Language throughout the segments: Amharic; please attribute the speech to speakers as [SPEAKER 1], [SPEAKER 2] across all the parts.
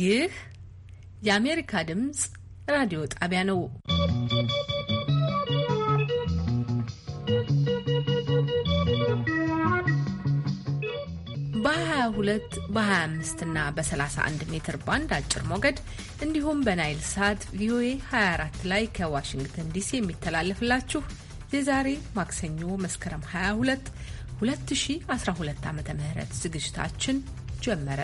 [SPEAKER 1] ይህ የአሜሪካ ድምፅ ራዲዮ ጣቢያ ነው። በ22 በ25 እና በ31 ሜትር ባንድ አጭር ሞገድ እንዲሁም በናይል ሳት ቪኦኤ 24 ላይ ከዋሽንግተን ዲሲ የሚተላለፍላችሁ የዛሬ ማክሰኞ መስከረም 22 2012 ዓ ም ዝግጅታችን ጀመረ።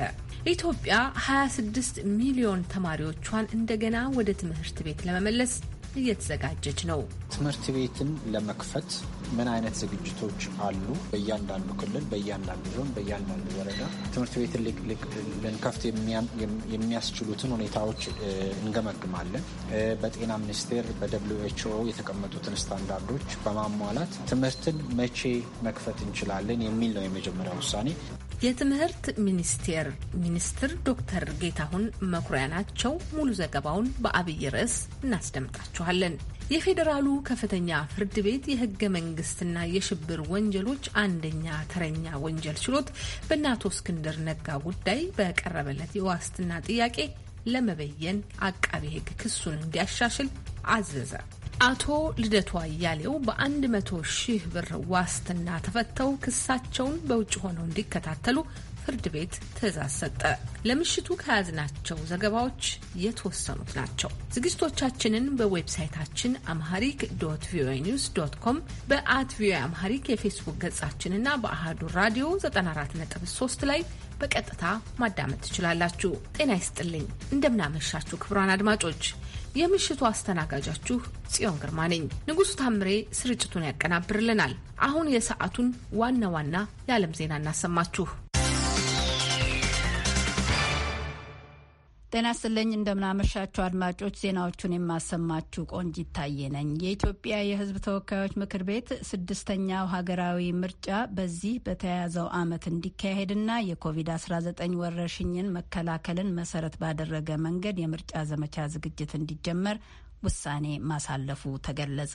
[SPEAKER 1] ኢትዮጵያ 26 ሚሊዮን ተማሪዎቿን እንደገና ወደ ትምህርት ቤት ለመመለስ እየተዘጋጀች ነው።
[SPEAKER 2] ትምህርት ቤትን ለመክፈት ምን አይነት ዝግጅቶች አሉ? በእያንዳንዱ ክልል፣ በእያንዳንዱ ዞን፣ በእያንዳንዱ ወረዳ ትምህርት ቤትን ልንከፍት የሚያስችሉትን ሁኔታዎች እንገመግማለን። በጤና ሚኒስቴር በደብሊው ኤች ኦ የተቀመጡትን ስታንዳርዶች በማሟላት ትምህርትን መቼ መክፈት እንችላለን የሚል ነው የመጀመሪያ ውሳኔ።
[SPEAKER 1] የትምህርት ሚኒስቴር ሚኒስትር ዶክተር ጌታሁን መኩሪያ ናቸው። ሙሉ ዘገባውን በአብይ ርዕስ እናስደምጣችኋለን። የፌዴራሉ ከፍተኛ ፍርድ ቤት የህገ መንግስትና የሽብር ወንጀሎች አንደኛ ተረኛ ወንጀል ችሎት በእነ አቶ እስክንድር ነጋ ጉዳይ በቀረበለት የዋስትና ጥያቄ ለመበየን አቃቤ ህግ ክሱን እንዲያሻሽል አዘዘ። አቶ ልደቱ አያሌው በአንድ መቶ ሺህ ብር ዋስትና ተፈተው ክሳቸውን በውጭ ሆነው እንዲከታተሉ ፍርድ ቤት ትዕዛዝ ሰጠ። ለምሽቱ ከያዝናቸው ዘገባዎች የተወሰኑት ናቸው። ዝግጅቶቻችንን በዌብሳይታችን አምሃሪክ ዶት ቪኦኤ ኒውስ ዶት ኮም በአት ቪኦኤ አምሃሪክ የፌስቡክ ገጻችንና በአህዱ ራዲዮ 94.3 ላይ በቀጥታ ማዳመጥ ትችላላችሁ። ጤና ይስጥልኝ። እንደምናመሻችሁ ክቡራን አድማጮች የምሽቱ አስተናጋጃችሁ ጽዮን ግርማ ነኝ። ንጉሱ ታምሬ ስርጭቱን ያቀናብርልናል። አሁን የሰዓቱን ዋና ዋና የዓለም ዜና እናሰማችሁ። ጤና ይስጥልኝ
[SPEAKER 3] እንደምናመሻችሁ አድማጮች፣ ዜናዎቹን የማሰማችሁ ቆንጅ ይታየ ነኝ። የኢትዮጵያ የሕዝብ ተወካዮች ምክር ቤት ስድስተኛው ሀገራዊ ምርጫ በዚህ በተያያዘው ዓመት እንዲካሄድና የኮቪድ-19 ወረርሽኝን መከላከልን መሰረት ባደረገ መንገድ የምርጫ ዘመቻ ዝግጅት እንዲጀመር ውሳኔ ማሳለፉ ተገለጸ።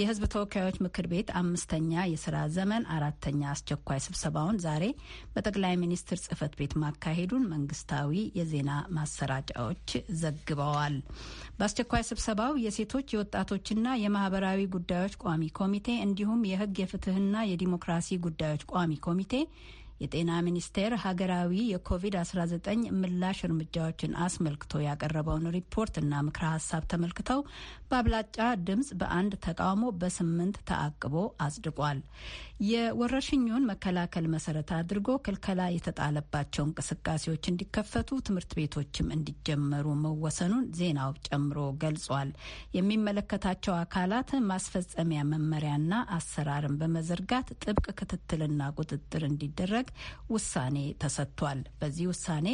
[SPEAKER 3] የህዝብ ተወካዮች ምክር ቤት አምስተኛ የስራ ዘመን አራተኛ አስቸኳይ ስብሰባውን ዛሬ በጠቅላይ ሚኒስትር ጽህፈት ቤት ማካሄዱን መንግስታዊ የዜና ማሰራጫዎች ዘግበዋል። በአስቸኳይ ስብሰባው የሴቶች የወጣቶችና የማህበራዊ ጉዳዮች ቋሚ ኮሚቴ እንዲሁም የህግ የፍትህና የዲሞክራሲ ጉዳዮች ቋሚ ኮሚቴ የጤና ሚኒስቴር ሀገራዊ የኮቪድ-19 ምላሽ እርምጃዎችን አስመልክቶ ያቀረበውን ሪፖርት እና ምክረ ሀሳብ ተመልክተው በአብላጫ ድምፅ በአንድ ተቃውሞ በስምንት ተአቅቦ አጽድቋል። የወረርሽኙን መከላከል መሰረት አድርጎ ክልከላ የተጣለባቸው እንቅስቃሴዎች እንዲከፈቱ፣ ትምህርት ቤቶችም እንዲጀመሩ መወሰኑን ዜናው ጨምሮ ገልጿል። የሚመለከታቸው አካላት ማስፈጸሚያ መመሪያና አሰራርን በመዘርጋት ጥብቅ ክትትልና ቁጥጥር እንዲደረግ ውሳኔ ተሰጥቷል። በዚህ ውሳኔ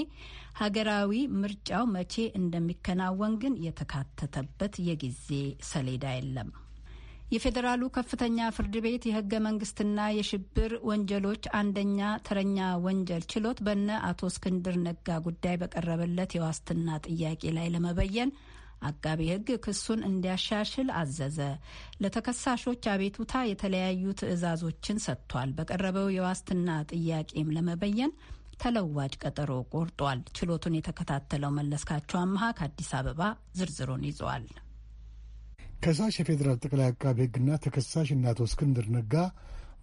[SPEAKER 3] ሀገራዊ ምርጫው መቼ እንደሚከናወን ግን የተካተተበት የጊዜ ሰሌዳ የለም። የፌዴራሉ ከፍተኛ ፍርድ ቤት የህገ መንግስትና የሽብር ወንጀሎች አንደኛ ተረኛ ወንጀል ችሎት በነ አቶ እስክንድር ነጋ ጉዳይ በቀረበለት የዋስትና ጥያቄ ላይ ለመበየን አቃቤ ህግ ክሱን እንዲያሻሽል አዘዘ። ለተከሳሾች አቤቱታ የተለያዩ ትዕዛዞችን ሰጥቷል። በቀረበው የዋስትና ጥያቄም ለመበየን ተለዋጭ ቀጠሮ ቆርጧል። ችሎቱን የተከታተለው መለስካቸው አመሀ ከአዲስ አበባ ዝርዝሩን ይዟል።
[SPEAKER 4] ከሳሽ የፌዴራል ጠቅላይ አቃቢ ሕግና ተከሳሽ እናቶ አቶ እስክንድር ነጋ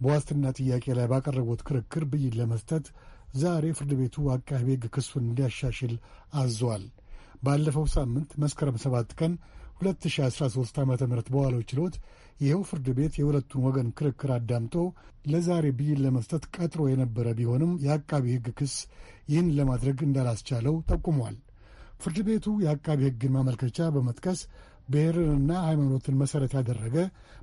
[SPEAKER 4] በዋስትና ጥያቄ ላይ ባቀረቡት ክርክር ብይን ለመስጠት ዛሬ ፍርድ ቤቱ አቃቢ ሕግ ክሱን እንዲያሻሽል አዟል። ባለፈው ሳምንት መስከረም 7 ቀን 2013 ዓ ም በዋለው ችሎት ይኸው ፍርድ ቤት የሁለቱን ወገን ክርክር አዳምጦ ለዛሬ ብይን ለመስጠት ቀጥሮ የነበረ ቢሆንም የአቃቢ ሕግ ክስ ይህን ለማድረግ እንዳላስቻለው ጠቁሟል። ፍርድ ቤቱ የአቃቢ ሕግን ማመልከቻ በመጥቀስ ብሔርንና ሃይማኖትን መሠረት ያደረገ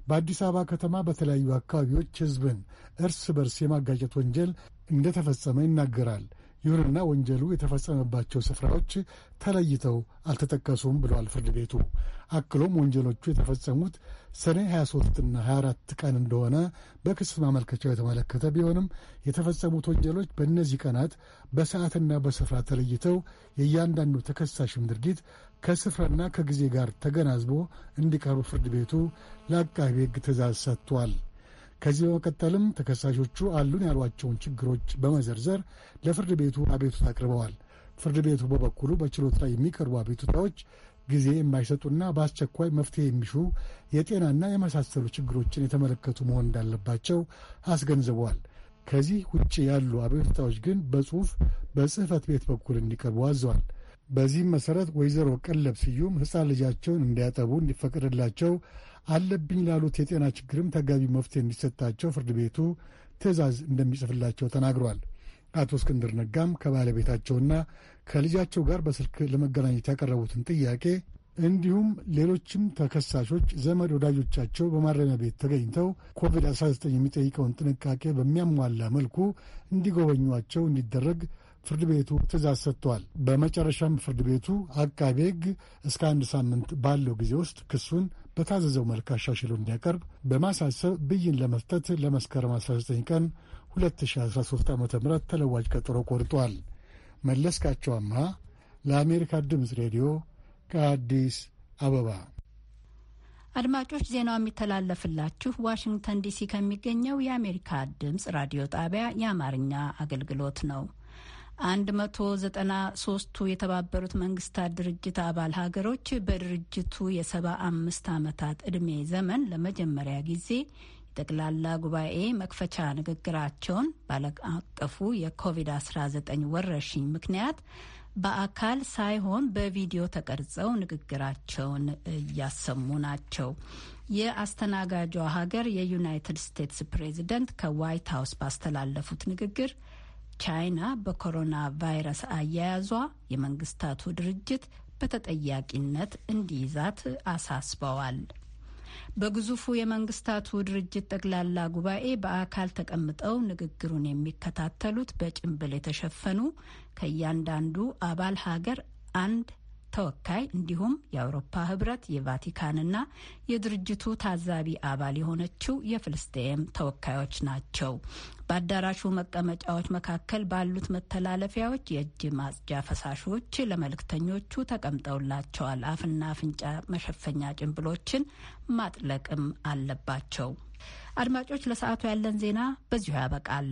[SPEAKER 4] በአዲስ አበባ ከተማ በተለያዩ አካባቢዎች ሕዝብን እርስ በርስ የማጋጨት ወንጀል እንደተፈጸመ ይናገራል። ይሁንና ወንጀሉ የተፈጸመባቸው ስፍራዎች ተለይተው አልተጠቀሱም ብለዋል ፍርድ ቤቱ። አክሎም ወንጀሎቹ የተፈጸሙት ሰኔ 23ና 24 ቀን እንደሆነ በክስ ማመልከቻው የተመለከተ ቢሆንም የተፈጸሙት ወንጀሎች በእነዚህ ቀናት በሰዓትና በስፍራ ተለይተው የእያንዳንዱ ተከሳሽም ድርጊት ከስፍራና ከጊዜ ጋር ተገናዝቦ እንዲቀርቡ ፍርድ ቤቱ ለአቃቤ ሕግ ትእዛዝ ሰጥቷል። ከዚህ በመቀጠልም ተከሳሾቹ አሉን ያሏቸውን ችግሮች በመዘርዘር ለፍርድ ቤቱ አቤቱታ አቅርበዋል። ፍርድ ቤቱ በበኩሉ በችሎት ላይ የሚቀርቡ አቤቱታዎች ጊዜ የማይሰጡና በአስቸኳይ መፍትሄ የሚሹ የጤናና የመሳሰሉ ችግሮችን የተመለከቱ መሆን እንዳለባቸው አስገንዝበዋል። ከዚህ ውጭ ያሉ አቤቱታዎች ግን በጽሁፍ በጽህፈት ቤት በኩል እንዲቀርቡ አዘዋል። በዚህም መሰረት ወይዘሮ ቀለብ ስዩም ህፃን ልጃቸውን እንዲያጠቡ እንዲፈቀድላቸው አለብኝ ላሉት የጤና ችግርም ተገቢ መፍትሄ እንዲሰጣቸው ፍርድ ቤቱ ትዕዛዝ እንደሚጽፍላቸው ተናግሯል። አቶ እስክንድር ነጋም ከባለቤታቸውና ከልጃቸው ጋር በስልክ ለመገናኘት ያቀረቡትን ጥያቄ እንዲሁም ሌሎችም ተከሳሾች ዘመድ ወዳጆቻቸው በማረሚያ ቤት ተገኝተው ኮቪድ-19 የሚጠይቀውን ጥንቃቄ በሚያሟላ መልኩ እንዲጎበኟቸው እንዲደረግ ፍርድ ቤቱ ትእዛዝ ሰጥቷል። በመጨረሻም ፍርድ ቤቱ አቃቤ ሕግ እስከ አንድ ሳምንት ባለው ጊዜ ውስጥ ክሱን በታዘዘው መልክ አሻሽሎ እንዲያቀርብ በማሳሰብ ብይን ለመስጠት ለመስከረም 19 ቀን 2013 ዓ ም ተለዋጭ ቀጠሮ ቆርጧል። መለስካቸው አምሃ ለአሜሪካ ድምፅ ሬዲዮ ከአዲስ አበባ።
[SPEAKER 3] አድማጮች ዜናው የሚተላለፍላችሁ ዋሽንግተን ዲሲ ከሚገኘው የአሜሪካ ድምፅ ራዲዮ ጣቢያ የአማርኛ አገልግሎት ነው። 193ቱ የተባበሩት መንግስታት ድርጅት አባል ሀገሮች በድርጅቱ የሰባ አምስት ዓመታት ዕድሜ ዘመን ለመጀመሪያ ጊዜ ጠቅላላ ጉባኤ መክፈቻ ንግግራቸውን ባለም አቀፉ የኮቪድ-19 ወረርሽኝ ምክንያት በአካል ሳይሆን በቪዲዮ ተቀርጸው ንግግራቸውን እያሰሙ ናቸው። የአስተናጋጇ ሀገር የዩናይትድ ስቴትስ ፕሬዝደንት ከዋይት ሀውስ ባስተላለፉት ንግግር ቻይና በኮሮና ቫይረስ አያያዟ የመንግስታቱ ድርጅት በተጠያቂነት እንዲይዛት አሳስበዋል። በግዙፉ የመንግስታቱ ድርጅት ጠቅላላ ጉባኤ በአካል ተቀምጠው ንግግሩን የሚከታተሉት በጭንብል የተሸፈኑ ከእያንዳንዱ አባል ሀገር አንድ ተወካይ እንዲሁም የአውሮፓ ህብረት የቫቲካንና የድርጅቱ ታዛቢ አባል የሆነችው የፍልስጤም ተወካዮች ናቸው። በአዳራሹ መቀመጫዎች መካከል ባሉት መተላለፊያዎች የእጅ ማጽጃ ፈሳሾች ለመልእክተኞቹ ተቀምጠውላቸዋል። አፍና አፍንጫ መሸፈኛ ጭንብሎችን ማጥለቅም አለባቸው። አድማጮች፣ ለሰዓቱ ያለን ዜና በዚሁ ያበቃል።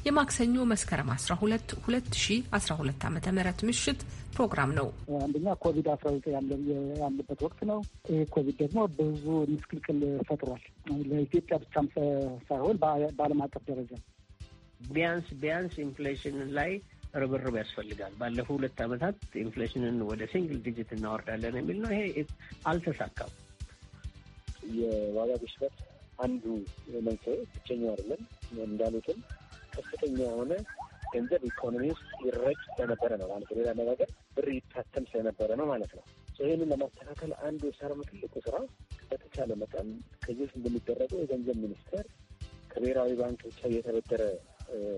[SPEAKER 1] የማክሰኞ መስከረም 12 2012 ዓ ም ምሽት ፕሮግራም ነው።
[SPEAKER 5] አንደኛ ኮቪድ 19 ያለበት ወቅት ነው። ይህ ኮቪድ ደግሞ ብዙ ምስቅልቅል ፈጥሯል። ለኢትዮጵያ ብቻም ሳይሆን በዓለም አቀፍ ደረጃ
[SPEAKER 6] ቢያንስ ቢያንስ ኢንፍሌሽን ላይ ርብርብ ያስፈልጋል። ባለፉ ሁለት ዓመታት ኢንፍሌሽንን ወደ ሲንግል ዲጂት እናወርዳለን የሚል ነው። ይሄ አልተሳካም።
[SPEAKER 7] የዋጋ ግሽበት አንዱ መንስኤ ብቸኛው አይደለም እንዳሉትም ከፍተኛ የሆነ ገንዘብ ኢኮኖሚ ውስጥ ይረጭ ስለነበረ ነው ማለት ሌላ አነጋገር ብር ይታተም ስለነበረ ነው ማለት ነው። ይህንን ለማስተካከል አንዱ የሰራነው ትልቁ ስራ በተቻለ መጠን ከዚህ ውስጥ እንደሚደረገው የገንዘብ ሚኒስቴር ከብሔራዊ ባንክ ብቻ እየተበደረ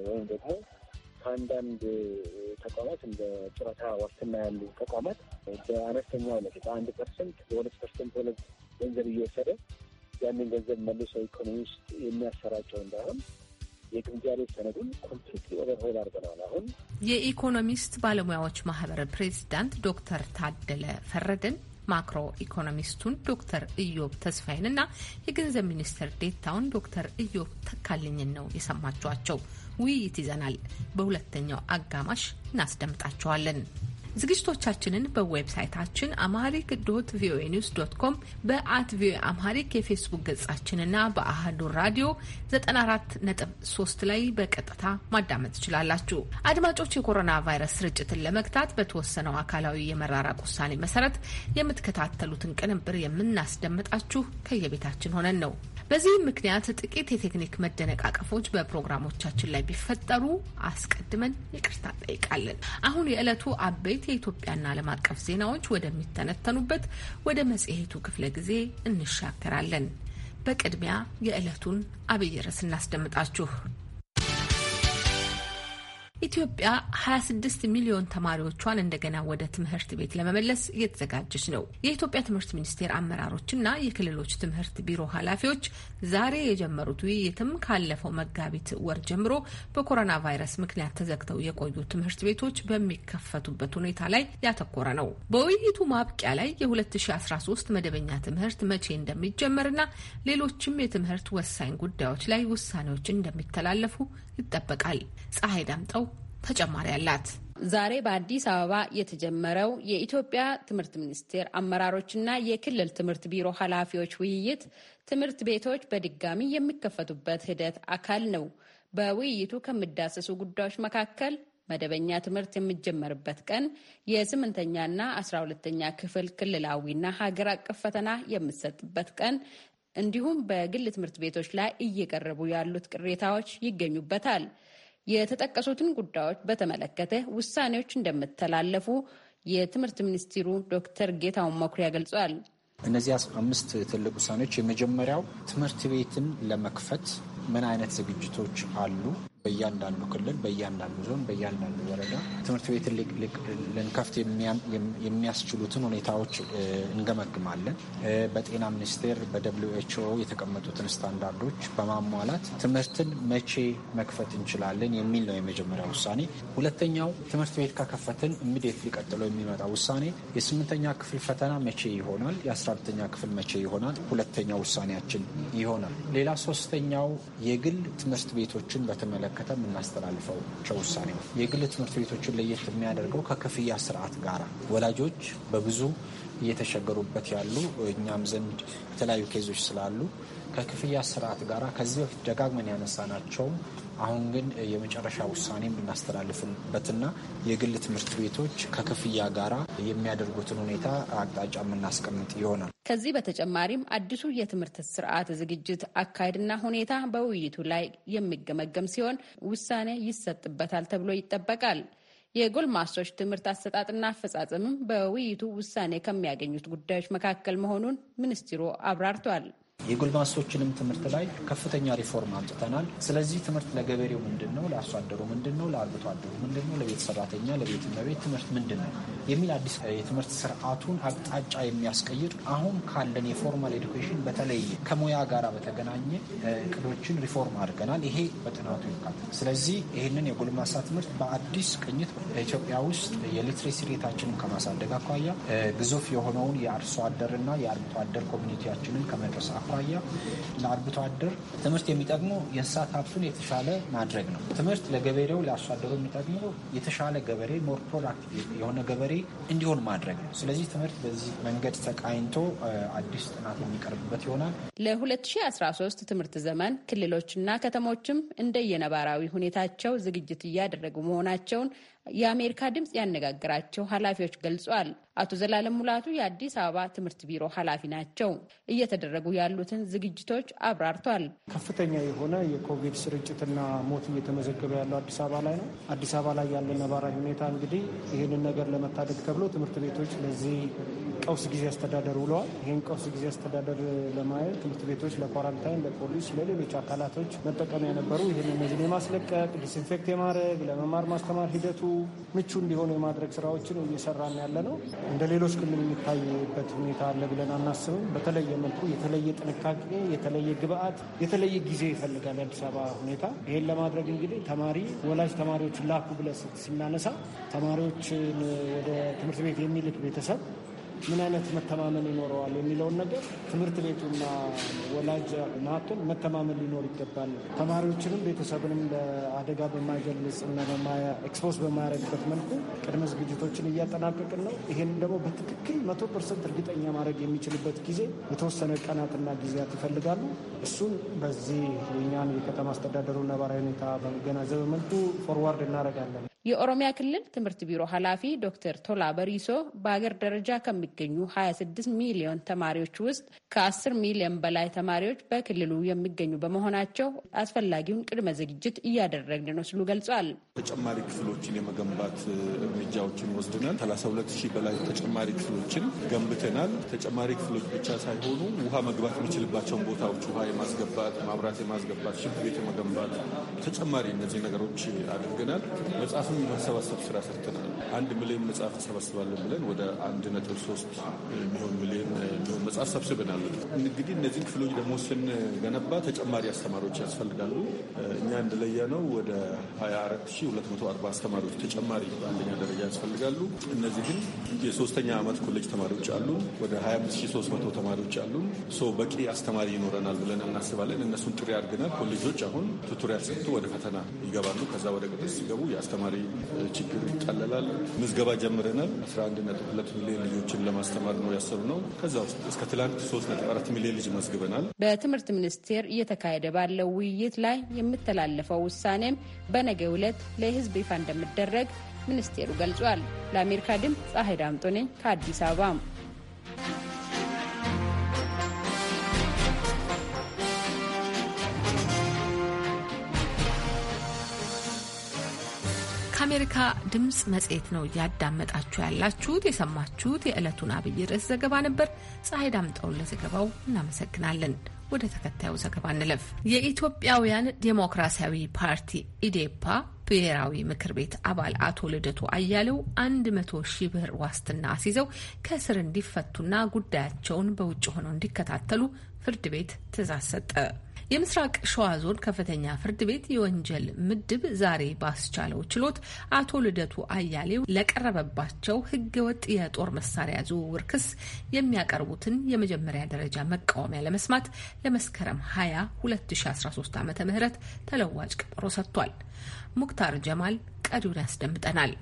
[SPEAKER 7] ወይም ደግሞ ከአንዳንድ ተቋማት እንደ ጨረታ ዋስትና ያሉ ተቋማት በአነስተኛ ሁነት በአንድ ፐርሰንት በሁለት ፐርሰንት ሁለት ገንዘብ እየወሰደ ያንን ገንዘብ መልሶ ኢኮኖሚ ውስጥ የሚያሰራጨው እንዳይሆን የግንዛቤ ሰነዱን ኮምፕሊት ኦቨርሆል አድርገናል። አሁን
[SPEAKER 1] የኢኮኖሚስት ባለሙያዎች ማህበር ፕሬዚዳንት ዶክተር ታደለ ፈረደን ማክሮ ኢኮኖሚስቱን ዶክተር ኢዮብ ተስፋዬንና የገንዘብ ሚኒስትር ዴታውን ዶክተር ኢዮብ ተካልኝን ነው የሰማችኋቸው። ውይይት ይዘናል። በሁለተኛው አጋማሽ እናስደምጣችኋለን። ዝግጅቶቻችንን በዌብሳይታችን አማሪክ ዶት ቪኦኤ ኒውስ ዶት ኮም በአት ቪኦኤ አማሪክ የፌስቡክ ገጻችንና በአህዱ ራዲዮ 94.3 ላይ በቀጥታ ማዳመጥ ትችላላችሁ። አድማጮች፣ የኮሮና ቫይረስ ስርጭትን ለመግታት በተወሰነው አካላዊ የመራራቅ ውሳኔ መሰረት የምትከታተሉትን ቅንብር የምናስደምጣችሁ ከየቤታችን ሆነን ነው። በዚህም ምክንያት ጥቂት የቴክኒክ መደነቃቀፎች በፕሮግራሞቻችን ላይ ቢፈጠሩ አስቀድመን ይቅርታ ጠይቃለን። አሁን የዕለቱ አበይት የኢትዮጵያና ዓለም አቀፍ ዜናዎች ወደሚተነተኑበት ወደ መጽሔቱ ክፍለ ጊዜ እንሻገራለን። በቅድሚያ የዕለቱን አብይ ርዕስ እናስደምጣችሁ። ኢትዮጵያ 26 ሚሊዮን ተማሪዎቿን እንደገና ወደ ትምህርት ቤት ለመመለስ እየተዘጋጀች ነው። የኢትዮጵያ ትምህርት ሚኒስቴር አመራሮችና የክልሎች ትምህርት ቢሮ ኃላፊዎች ዛሬ የጀመሩት ውይይትም ካለፈው መጋቢት ወር ጀምሮ በኮሮና ቫይረስ ምክንያት ተዘግተው የቆዩ ትምህርት ቤቶች በሚከፈቱበት ሁኔታ ላይ ያተኮረ ነው። በውይይቱ ማብቂያ ላይ የ2013 መደበኛ ትምህርት መቼ እንደሚጀመርና ሌሎችም የትምህርት ወሳኝ ጉዳዮች ላይ ውሳኔዎች እንደሚተላለፉ ይጠበቃል። ፀሐይ ዳምጠው ተጨማሪ አላት።
[SPEAKER 8] ዛሬ በአዲስ አበባ የተጀመረው የኢትዮጵያ ትምህርት ሚኒስቴር አመራሮችና የክልል ትምህርት ቢሮ ኃላፊዎች ውይይት ትምህርት ቤቶች በድጋሚ የሚከፈቱበት ሂደት አካል ነው። በውይይቱ ከሚዳሰሱ ጉዳዮች መካከል መደበኛ ትምህርት የሚጀመርበት ቀን፣ የስምንተኛና አስራ ሁለተኛ ክፍል ክልላዊና ሀገር አቀፍ ፈተና የምሰጥበት ቀን እንዲሁም በግል ትምህርት ቤቶች ላይ እየቀረቡ ያሉት ቅሬታዎች ይገኙበታል። የተጠቀሱትን ጉዳዮች በተመለከተ ውሳኔዎች እንደምተላለፉ የትምህርት ሚኒስትሩ ዶክተር ጌታሁን መኩሪያ ገልጿል።
[SPEAKER 2] እነዚህ አምስት ትልቅ ውሳኔዎች የመጀመሪያው ትምህርት ቤትን ለመክፈት ምን አይነት ዝግጅቶች አሉ? በእያንዳንዱ ክልል፣ በእያንዳንዱ ዞን፣ በእያንዳንዱ ወረዳ ትምህርት ቤት ልንከፍት የሚያስችሉትን ሁኔታዎች እንገመግማለን። በጤና ሚኒስቴር በደብሊዩ ኤች ኦ የተቀመጡትን ስታንዳርዶች በማሟላት ትምህርትን መቼ መክፈት እንችላለን የሚል ነው የመጀመሪያ ውሳኔ። ሁለተኛው ትምህርት ቤት ከከፈትን እምዴት ሊቀጥለው የሚመጣ ውሳኔ የስምንተኛ ክፍል ፈተና መቼ ይሆናል፣ የአስራ አራተኛ ክፍል መቼ ይሆናል፣ ሁለተኛው ውሳኔያችን ይሆናል። ሌላ ሶስተኛው የግል ትምህርት ቤቶችን በተመለከተ በተመለከተ የምናስተላልፈው ውሳኔ ነው። የግል ትምህርት ቤቶችን ለየት የሚያደርገው ከክፍያ ስርዓት ጋር ወላጆች በብዙ እየተሸገሩበት ያሉ እኛም ዘንድ የተለያዩ ኬዞች ስላሉ ከክፍያ ስርዓት ጋር ከዚህ በፊት ደጋግመን ያነሳናቸውም አሁን ግን የመጨረሻ ውሳኔ የምናስተላልፍበትና የግል ትምህርት ቤቶች ከክፍያ ጋር የሚያደርጉትን ሁኔታ አቅጣጫ የምናስቀምጥ ይሆናል።
[SPEAKER 8] ከዚህ በተጨማሪም አዲሱ የትምህርት ስርዓት ዝግጅት አካሄድና ሁኔታ በውይይቱ ላይ የሚገመገም ሲሆን ውሳኔ ይሰጥበታል ተብሎ ይጠበቃል። የጎልማሶች ትምህርት አሰጣጥና አፈጻጸምም በውይይቱ ውሳኔ ከሚያገኙት ጉዳዮች መካከል መሆኑን ሚኒስትሩ አብራርቷል።
[SPEAKER 2] የጎልማሶችንም ትምህርት ላይ ከፍተኛ ሪፎርም አምጥተናል። ስለዚህ ትምህርት ለገበሬው ምንድን ነው፣ ለአርሶ አደሩ ምንድን ነው፣ ለአርብቶ አደሩ ምንድን ነው፣ ለቤት ሰራተኛ፣ ለቤት እመቤት ትምህርት ምንድን ነው የሚል አዲስ የትምህርት ስርዓቱን አቅጣጫ የሚያስቀይር አሁን ካለን የፎርማል ኤዱኬሽን በተለየ ከሙያ ጋር በተገናኘ እቅዶችን ሪፎርም አድርገናል። ይሄ በጥናቱ ይካል። ስለዚህ ይህንን የጎልማሳ ትምህርት በአዲስ ቅኝት ኢትዮጵያ ውስጥ የሊትሬሲ ሬታችንን ከማሳደግ አኳያ ግዙፍ የሆነውን የአርሶ አደርና የአርብቶ አደር ኮሚኒቲያችንን ከመድረስ አኳያ አኳያ ለአርብቶ አደር ትምህርት የሚጠቅሙ የእንስሳት ሀብቱን የተሻለ ማድረግ ነው። ትምህርት ለገበሬው ለአርሶ አደሩ የሚጠቅሙ የተሻለ ገበሬ ሞር ፕሮዳክቲቭ የሆነ ገበሬ እንዲሆን ማድረግ ነው። ስለዚህ ትምህርት በዚህ መንገድ ተቃኝቶ አዲስ ጥናት የሚቀርብበት ይሆናል።
[SPEAKER 8] ለ2013 ትምህርት ዘመን ክልሎችና ከተሞችም እንደየነባራዊ ሁኔታቸው ዝግጅት እያደረጉ መሆናቸውን የአሜሪካ ድምፅ ያነጋገራቸው ኃላፊዎች ገልጿል። አቶ ዘላለም ሙላቱ የአዲስ አበባ ትምህርት ቢሮ ኃላፊ ናቸው። እየተደረጉ ያሉትን ዝግጅቶች አብራርቷል።
[SPEAKER 9] ከፍተኛ የሆነ የኮቪድ ስርጭትና ሞት እየተመዘገበ ያለው አዲስ አበባ ላይ ነው። አዲስ አበባ ላይ ያለ ነባራዊ ሁኔታ እንግዲህ ይህንን ነገር ለመታደግ ተብሎ ትምህርት ቤቶች ለዚህ ቀውስ ጊዜ አስተዳደር ውለዋል። ይህን ቀውስ ጊዜ አስተዳደር ለማየት ትምህርት ቤቶች ለኳራንታይን፣ ለፖሊስ፣ ለሌሎች አካላቶች መጠቀሚያ ነበሩ። ይህን እነዚህን የማስለቀቅ ዲስኢንፌክት የማድረግ ለመማር ማስተማር ሂደቱ ምቹ እንዲሆኑ የማድረግ ስራዎችን እየሰራን ያለ ነው። እንደ ሌሎች ክልል የሚታይበት ሁኔታ አለ ብለን አናስብም። በተለየ መልኩ የተለየ ጥንቃቄ፣ የተለየ ግብአት፣ የተለየ ጊዜ ይፈልጋል የአዲስ አበባ ሁኔታ። ይህን ለማድረግ እንግዲህ ተማሪ ወላጅ ተማሪዎችን ላኩ ብለን ስናነሳ ተማሪዎችን ወደ ትምህርት ቤት የሚልክ ቤተሰብ ምን አይነት መተማመን ይኖረዋል የሚለውን ነገር ትምህርት ቤቱና ወላጅ መካከል መተማመን ሊኖር ይገባል። ተማሪዎችንም ቤተሰብንም ለአደጋ በማይገልጽ እና ኤክስፖዝ በማያደርግበት መልኩ ቅድመ ዝግጅቶችን እያጠናቀቅን ነው። ይህንን ደግሞ በትክክል መቶ ፐርሰንት እርግጠኛ ማድረግ የሚችልበት ጊዜ የተወሰነ ቀናትና ጊዜያት ይፈልጋሉ። እሱን በዚህ የኛን የከተማ አስተዳደሩ ነባራዊ ሁኔታ በመገናዘብ መልኩ ፎርዋርድ እናደርጋለን።
[SPEAKER 8] የኦሮሚያ ክልል ትምህርት ቢሮ ኃላፊ ዶክተር ቶላ በሪሶ በሀገር ደረጃ ከሚገኙ 26 ሚሊዮን ተማሪዎች ውስጥ ከ10 ሚሊዮን በላይ ተማሪዎች በክልሉ የሚገኙ በመሆናቸው አስፈላጊውን ቅድመ ዝግጅት እያደረግን ነው ሲሉ ገልጿል።
[SPEAKER 2] ተጨማሪ ክፍሎችን የመገንባት እርምጃዎችን ወስድናል። 32 ሺህ በላይ ተጨማሪ ክፍሎችን ገንብተናል። ተጨማሪ ክፍሎች ብቻ ሳይሆኑ ውሃ መግባት የሚችልባቸውን ቦታዎች ውሃ የማስገባት ማብራት የማስገባት፣ ሽንት ቤት የመገንባት ተጨማሪ እነዚህ ነገሮች አድርገናል። መጽሐፍ ራሱ የማሰባሰብ ስራ ሰርተናል። አንድ ሚሊዮን መጽሐፍ ተሰባስባለን ብለን ወደ አንድ ነጥብ ሶስት የሚሆን ሚሊዮን መጽሐፍ ሰብስበናል። እንግዲህ እነዚህን ክፍሎች ደግሞ ስንገነባ ተጨማሪ አስተማሪዎች ያስፈልጋሉ። እኛ እንደለያ ነው ወደ 24240 አስተማሪዎች ተጨማሪ በአንደኛ ደረጃ ያስፈልጋሉ። እነዚህ ግን የሶስተኛ ዓመት ኮሌጅ ተማሪዎች አሉ። ወደ 25300 ተማሪዎች አሉ። በቂ አስተማሪ ይኖረናል ብለን እናስባለን። እነሱን ጥሪ አድርገናል። ኮሌጆች አሁን ቱቶሪያል ሰጥቶ ወደ ፈተና ይገባሉ። ከዛ ወደ ቅጥር ሲገቡ የአስተማሪ ችግር ይቃለላል። ምዝገባ ጀምረናል። 11.2 ሚሊዮን ልጆችን ለማስተማር ነው ነው። ከዛ ውስጥ እስከ ትላንት 3.4 ሚሊዮን ልጅ መዝግበናል።
[SPEAKER 8] በትምህርት ሚኒስቴር እየተካሄደ ባለው ውይይት ላይ የምተላለፈው ውሳኔም በነገ ዕለት ለህዝብ ይፋ እንደሚደረግ ሚኒስቴሩ ገልጿል። ለአሜሪካ ድምፅ ፀሐይ ዳምጦ ነኝ ከአዲስ አበባ
[SPEAKER 1] ከአሜሪካ ድምፅ መጽሔት ነው እያዳመጣችሁ ያላችሁት። የሰማችሁት የዕለቱን አብይ ርዕስ ዘገባ ነበር። ፀሐይ ዳምጠውን ለዘገባው እናመሰግናለን። ወደ ተከታዩ ዘገባ እንለፍ። የኢትዮጵያውያን ዴሞክራሲያዊ ፓርቲ ኢዴፓ ብሔራዊ ምክር ቤት አባል አቶ ልደቱ አያሌው አንድ መቶ ሺህ ብር ዋስትና አስይዘው ከእስር እንዲፈቱና ጉዳያቸውን በውጭ ሆነው እንዲከታተሉ ፍርድ ቤት ትእዛዝ ሰጠ። የምስራቅ ሸዋ ዞን ከፍተኛ ፍርድ ቤት የወንጀል ምድብ ዛሬ ባስቻለው ችሎት አቶ ልደቱ አያሌው ለቀረበባቸው ህገወጥ የጦር መሳሪያ ዝውውር ክስ የሚያቀርቡትን የመጀመሪያ ደረጃ መቃወሚያ ለመስማት ለመስከረም 20 2013 ዓ ም ተለዋጭ ቀጠሮ ሰጥቷል። ሙክታር ጀማል ቀሪውን ያስደምጠናል።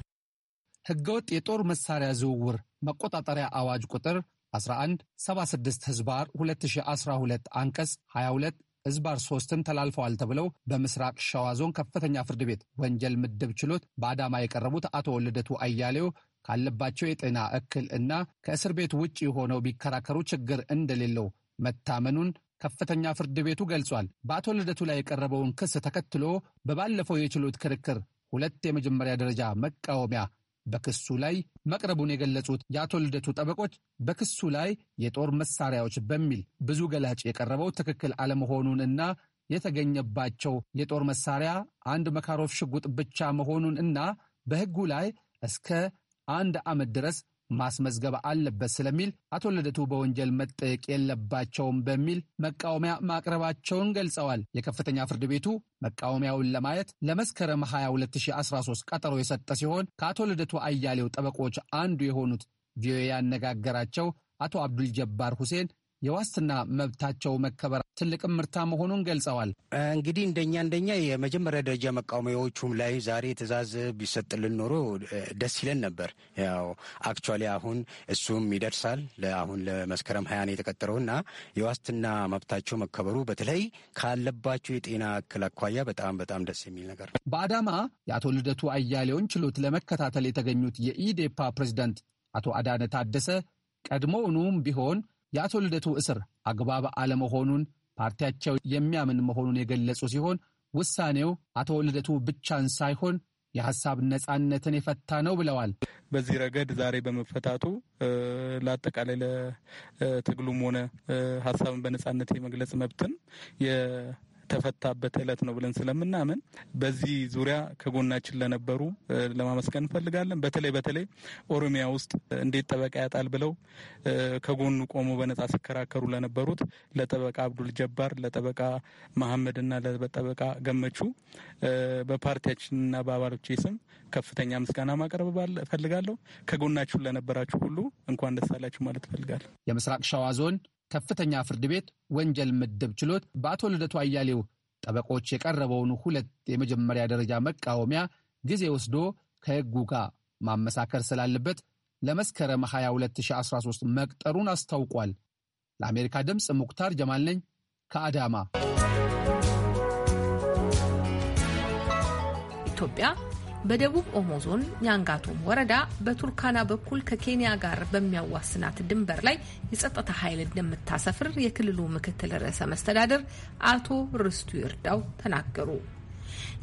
[SPEAKER 10] ህገወጥ የጦር መሳሪያ ዝውውር መቆጣጠሪያ አዋጅ ቁጥር 1176 ህዝባር 2012 አንቀጽ 22 እዝባር ሶስትም ተላልፈዋል ተብለው በምስራቅ ሸዋ ዞን ከፍተኛ ፍርድ ቤት ወንጀል ምድብ ችሎት በአዳማ የቀረቡት አቶ ወልደቱ አያሌው ካለባቸው የጤና እክል እና ከእስር ቤት ውጭ ሆነው ቢከራከሩ ችግር እንደሌለው መታመኑን ከፍተኛ ፍርድ ቤቱ ገልጿል። በአቶ ልደቱ ላይ የቀረበውን ክስ ተከትሎ በባለፈው የችሎት ክርክር ሁለት የመጀመሪያ ደረጃ መቃወሚያ በክሱ ላይ መቅረቡን የገለጹት የአቶ ልደቱ ጠበቆች በክሱ ላይ የጦር መሳሪያዎች በሚል ብዙ ገላጭ የቀረበው ትክክል አለመሆኑን እና የተገኘባቸው የጦር መሳሪያ አንድ መካሮፍ ሽጉጥ ብቻ መሆኑን እና በሕጉ ላይ እስከ አንድ ዓመት ድረስ ማስመዝገብ አለበት ስለሚል አቶ ልደቱ በወንጀል መጠየቅ የለባቸውም በሚል መቃወሚያ ማቅረባቸውን ገልጸዋል። የከፍተኛ ፍርድ ቤቱ መቃወሚያውን ለማየት ለመስከረም 2213 ቀጠሮ የሰጠ ሲሆን ከአቶ ልደቱ አያሌው ጠበቆች አንዱ የሆኑት ቪኦኤ ያነጋገራቸው አቶ አብዱል ጀባር ሁሴን የዋስትና መብታቸው መከበር ትልቅ ምርታ መሆኑን ገልጸዋል።
[SPEAKER 2] እንግዲህ እንደኛ እንደኛ የመጀመሪያ ደረጃ መቃወሚያዎቹም ላይ ዛሬ ትዕዛዝ ቢሰጥልን ኖሮ ደስ ይለን ነበር። ያው አክቹዋሊ አሁን እሱም ይደርሳል አሁን ለመስከረም ሀያን የተቀጠረው እና የዋስትና መብታቸው መከበሩ በተለይ ካለባቸው የጤና እክል አኳያ በጣም በጣም ደስ የሚል ነገር ነው።
[SPEAKER 10] በአዳማ የአቶ ልደቱ አያሌውን ችሎት ለመከታተል የተገኙት የኢዴፓ ፕሬዝዳንት አቶ አዳነ ታደሰ ቀድሞውኑም ቢሆን የአቶ ልደቱ እስር አግባብ አለመሆኑን ፓርቲያቸው የሚያምን መሆኑን የገለጹ ሲሆን ውሳኔው አቶ ልደቱ ብቻን ሳይሆን የሀሳብ ነጻነትን የፈታ ነው ብለዋል።
[SPEAKER 11] በዚህ ረገድ ዛሬ በመፈታቱ ለአጠቃላይ ለትግሉም ሆነ ሀሳብን በነጻነት የመግለጽ መብትን የተፈታበት እለት ነው ብለን ስለምናምን በዚህ ዙሪያ ከጎናችን ለነበሩ ለማመስገን እንፈልጋለን። በተለይ በተለይ ኦሮሚያ ውስጥ እንዴት ጠበቃ ያጣል ብለው ከጎኑ ቆሞ በነጻ ሲከራከሩ ለነበሩት ለጠበቃ አብዱል ጀባር፣ ለጠበቃ መሐመድና ለጠበቃ ገመቹ በፓርቲያችንና በአባሎች ስም ከፍተኛ
[SPEAKER 10] ምስጋና ማቅረብ እፈልጋለሁ። ከጎናችሁን ለነበራችሁ ሁሉ እንኳን ደስ አላችሁ ማለት እፈልጋለሁ። የምስራቅ ሸዋ ዞን ከፍተኛ ፍርድ ቤት ወንጀል ምድብ ችሎት በአቶ ልደቱ አያሌው ጠበቆች የቀረበውን ሁለት የመጀመሪያ ደረጃ መቃወሚያ ጊዜ ወስዶ ከሕጉ ጋር ማመሳከር ስላለበት ለመስከረም 22013 መቅጠሩን አስታውቋል። ለአሜሪካ ድምፅ ሙክታር ጀማል ነኝ ከአዳማ ኢትዮጵያ። በደቡብ ኦሞ ዞን
[SPEAKER 1] ኛንጋቶም ወረዳ በቱርካና በኩል ከኬንያ ጋር በሚያዋስናት ድንበር ላይ የጸጥታ ኃይል እንደምታሰፍር የክልሉ ምክትል ርዕሰ መስተዳደር አቶ ርስቱ ይርዳው ተናገሩ።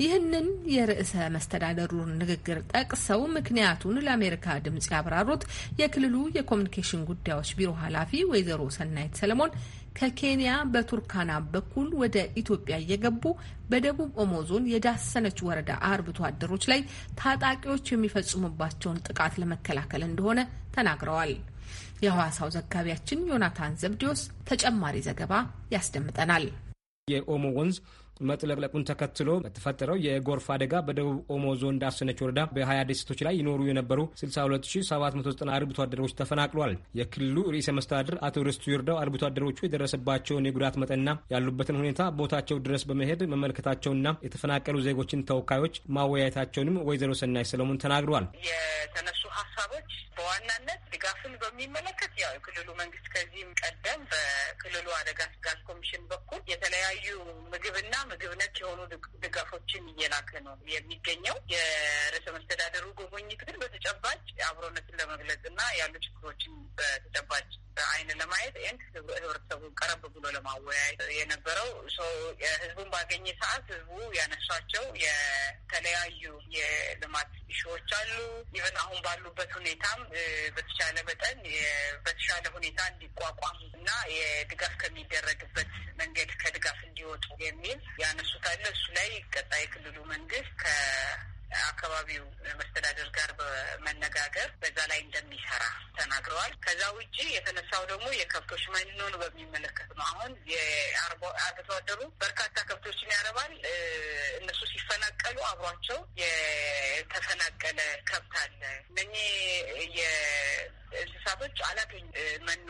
[SPEAKER 1] ይህንን የርዕሰ መስተዳደሩን ንግግር ጠቅሰው ምክንያቱን ለአሜሪካ ድምጽ ያብራሩት የክልሉ የኮሚኒኬሽን ጉዳዮች ቢሮ ኃላፊ ወይዘሮ ሰናይት ሰለሞን ከኬንያ በቱርካና በኩል ወደ ኢትዮጵያ እየገቡ በደቡብ ኦሞ ዞን የዳሰነች ወረዳ አርብቶ አደሮች ላይ ታጣቂዎች የሚፈጽሙባቸውን ጥቃት ለመከላከል እንደሆነ ተናግረዋል። የሐዋሳው ዘጋቢያችን ዮናታን ዘብዲዎስ ተጨማሪ ዘገባ ያስደምጠናል።
[SPEAKER 11] የኦሞ ወንዝ መጥለቅለቁን ተከትሎ በተፈጠረው የጎርፍ አደጋ በደቡብ ኦሞ ዞን ዳሰነች ወረዳ በ ደሴቶች ላይ ይኖሩ የነበሩ 62790 አርብቶ አደሮች ተፈናቅሏል። የክልሉ ርዕሰ መስተዳድር አቶ ርስቱ ይርዳው አርብቶ አደሮቹ የደረሰባቸውን የጉዳት መጠንና ያሉበትን ሁኔታ ቦታቸው ድረስ በመሄድ መመልከታቸውና የተፈናቀሉ ዜጎችን ተወካዮች ማወያየታቸውንም ወይዘሮ ሰናይ ሰለሞን ተናግረዋል።
[SPEAKER 12] የተነሱ ሀሳቦች በዋናነት ድጋፍን በሚመለከት ያው የክልሉ መንግስት ከዚህም ቀደም በክልሉ አደጋ ስጋት ኮሚሽን በኩል የተለያዩ ምግብና ምግብ ነክ የሆኑ ድጋፎችን እየላከ ነው የሚገኘው። የርዕሰ መስተዳደሩ ጉብኝት ግን በተጨባጭ አብሮነትን ለመግለጽ እና ያሉ ችግሮችን በተጨባጭ በአይን ለማየት ኤንድ ህብረተሰቡ ቀረብ ብሎ ለማወያየት የነበረው ሰው ህዝቡን ባገኘ ሰዓት ህዝቡ ያነሷቸው የተለያዩ የልማት ኢሹዎች አሉ። ኢቨን አሁን ባሉበት ሁኔታም በተቻለ መጠን በተሻለ ሁኔታ እንዲቋቋም እና የድጋፍ ከሚደረግበት መንገድ ከድጋፍ እንዲወጡ የሚል ያነሱታል። እሱ ላይ ቀጣይ ክልሉ መንግስት ከ አካባቢው መስተዳደር ጋር በመነጋገር በዛ ላይ እንደሚሰራ ተናግረዋል። ከዛ ውጭ የተነሳው ደግሞ የከብቶች መኖን በሚመለከት ነው። አሁን የአርብቶ አደሩ በርካታ ከብቶችን ያረባል። እነሱ ሲፈናቀሉ አብሯቸው የተፈናቀለ ከብት አለ። እነኚህ የእንስሳቶች አላገኝ መኖ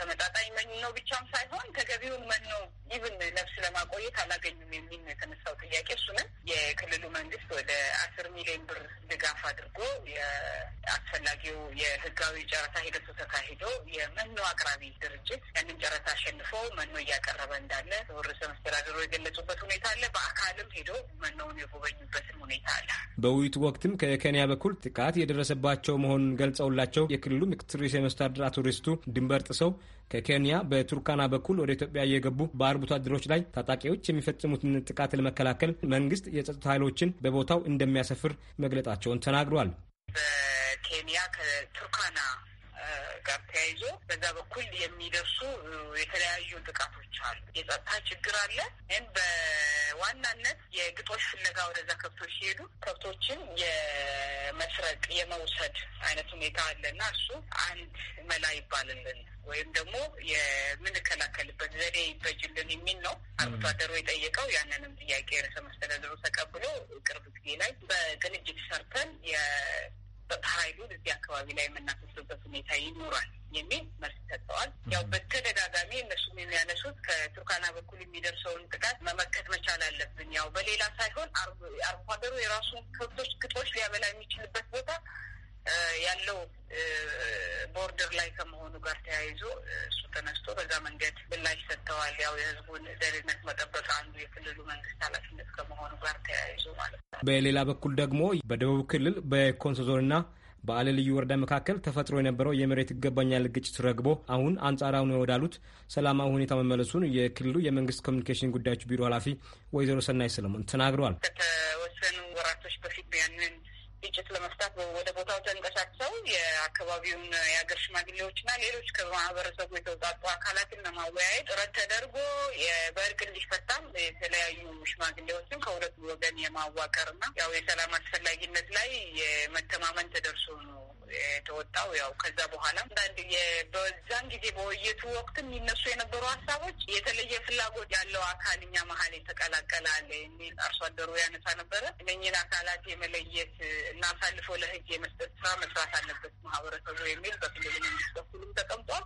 [SPEAKER 12] ተመጣጣኝ መኖ ብቻም ሳይሆን ተገቢውን መኖ ኢቭን ነፍስ ለማቆየት አላገኙም የሚል የተነሳው ጥያቄ እሱንም የክልሉ መንግስት ወደ አስር ሚሊዮን ብር ድጋፍ አድርጎ የአስፈላጊው የህጋዊ ጨረታ ሂደቱ ተካሂዶ የመኖ አቅራቢ ድርጅት ያንን ጨረታ አሸንፎ መኖ እያቀረበ እንዳለ ርዕሰ መስተዳድሩ የገለጹበት ሁኔታ አለ። በአካልም ሄዶ መኖውን
[SPEAKER 11] የጎበኙበትም ሁኔታ አለ። በውይይቱ ወቅትም ከኬንያ በኩል ጥቃት የደረሰባቸው መሆኑን ገልጸውላቸው የክልሉ ምክትል ርዕሰ መስተዳድር አቶ ሪስቱ ድንበር ጥሰው ከኬንያ በቱርካና በኩል ወደ ኢትዮጵያ እየገቡ በአርብቶ አደሮች ላይ ታጣቂዎች የሚፈጽሙትን ጥቃት ለመከላከል መንግስት የጸጥታ ኃይሎችን በቦታው እንደሚያሰፍር መግለጣቸውን ተናግሯል። በኬንያ
[SPEAKER 12] ከቱርካና ጋር ተያይዞ በዛ በኩል የሚደርሱ የተለያዩ ጥቃቶች አሉ። የጸጥታ ችግር አለ። ይህን በዋናነት የግጦሽ ፍለጋ ወደዛ ከብቶች ሲሄዱ ከብቶችን የመስረቅ የመውሰድ አይነት ሁኔታ አለ አለና እሱ አንድ መላ ይባልልን ወይም ደግሞ የምንከላከልበት ዘዴ ይበጅልን የሚል ነው አርብቶ አደሩ የጠየቀው። ያንንም ጥያቄ ርዕሰ መስተዳደሩ ተቀብሎ ቅርብ ጊዜ ላይ በቅንጅት ሰርተን የጸጥታ እዚህ አካባቢ ላይ የምናፈስበት ሁኔታ ይኖራል። የሚል መልስ ሰጥተዋል። ያው በተደጋጋሚ እነሱም የሚያነሱት ከቱርካና በኩል የሚደርሰውን ጥቃት መመከት መቻል አለብን። ያው በሌላ ሳይሆን አርሶ ሀገሩ የራሱን ከብቶች ግጦች ሊያበላ የሚችልበት ቦታ ያለው ቦርደር ላይ ከመሆኑ ጋር ተያይዞ እሱ ተነስቶ በዛ መንገድ ምላሽ ሰጥተዋል። ያው የህዝቡን ደህንነት መጠበቅ አንዱ የክልሉ መንግስት ኃላፊነት ከመሆኑ
[SPEAKER 11] ጋር ተያይዞ ማለት ነው። በሌላ በኩል ደግሞ በደቡብ ክልል በኮንሶ ዞንና በአለ ልዩ ወረዳ መካከል ተፈጥሮ የነበረው የመሬት ይገባኛል ግጭት ረግቦ አሁን አንጻራዊ ነው ወዳሉት ሰላማዊ ሁኔታ መመለሱን የክልሉ የመንግስት ኮሚኒኬሽን ጉዳዮች ቢሮ ኃላፊ ወይዘሮ ሰናይ ሰለሞን ተናግረዋል። ከተወሰኑ ወራቶች በፊት ያንን
[SPEAKER 12] ግጭት ለመፍታት ወደ ቦታው ተንቀሳቅሰው የአካባቢውን የሀገር ሽማግሌዎችና ሌሎች ከማህበረሰቡ የተውጣጡ አካላትን ለማወያየት ጥረት ተደርጎ በእርቅ እንዲፈታም የተለያዩ ሽማግሌዎችን ከሁለቱ ወገን የማዋቀርና ያው የሰላም አስፈላጊነት ላይ የመተማመን ተደርሶ ነው የተወጣው። ያው ከዛ በኋላ አንዳንድ በዛን ጊዜ በውይይቱ ወቅት የሚነሱ የነበሩ ሀሳቦች የተለየ ፍላጎት ያለው አካል እኛ መሀል የተቀላቀላል የሚል አርሶ አደሩ ያነሳ ነበረ። እነኝን አካላት የመለየት እና አሳልፎ ለህግ የመስጠት ስራ መስራት አለበት ማህበረሰቡ የሚል በክልል መንግስት በኩልም ተቀምጧል።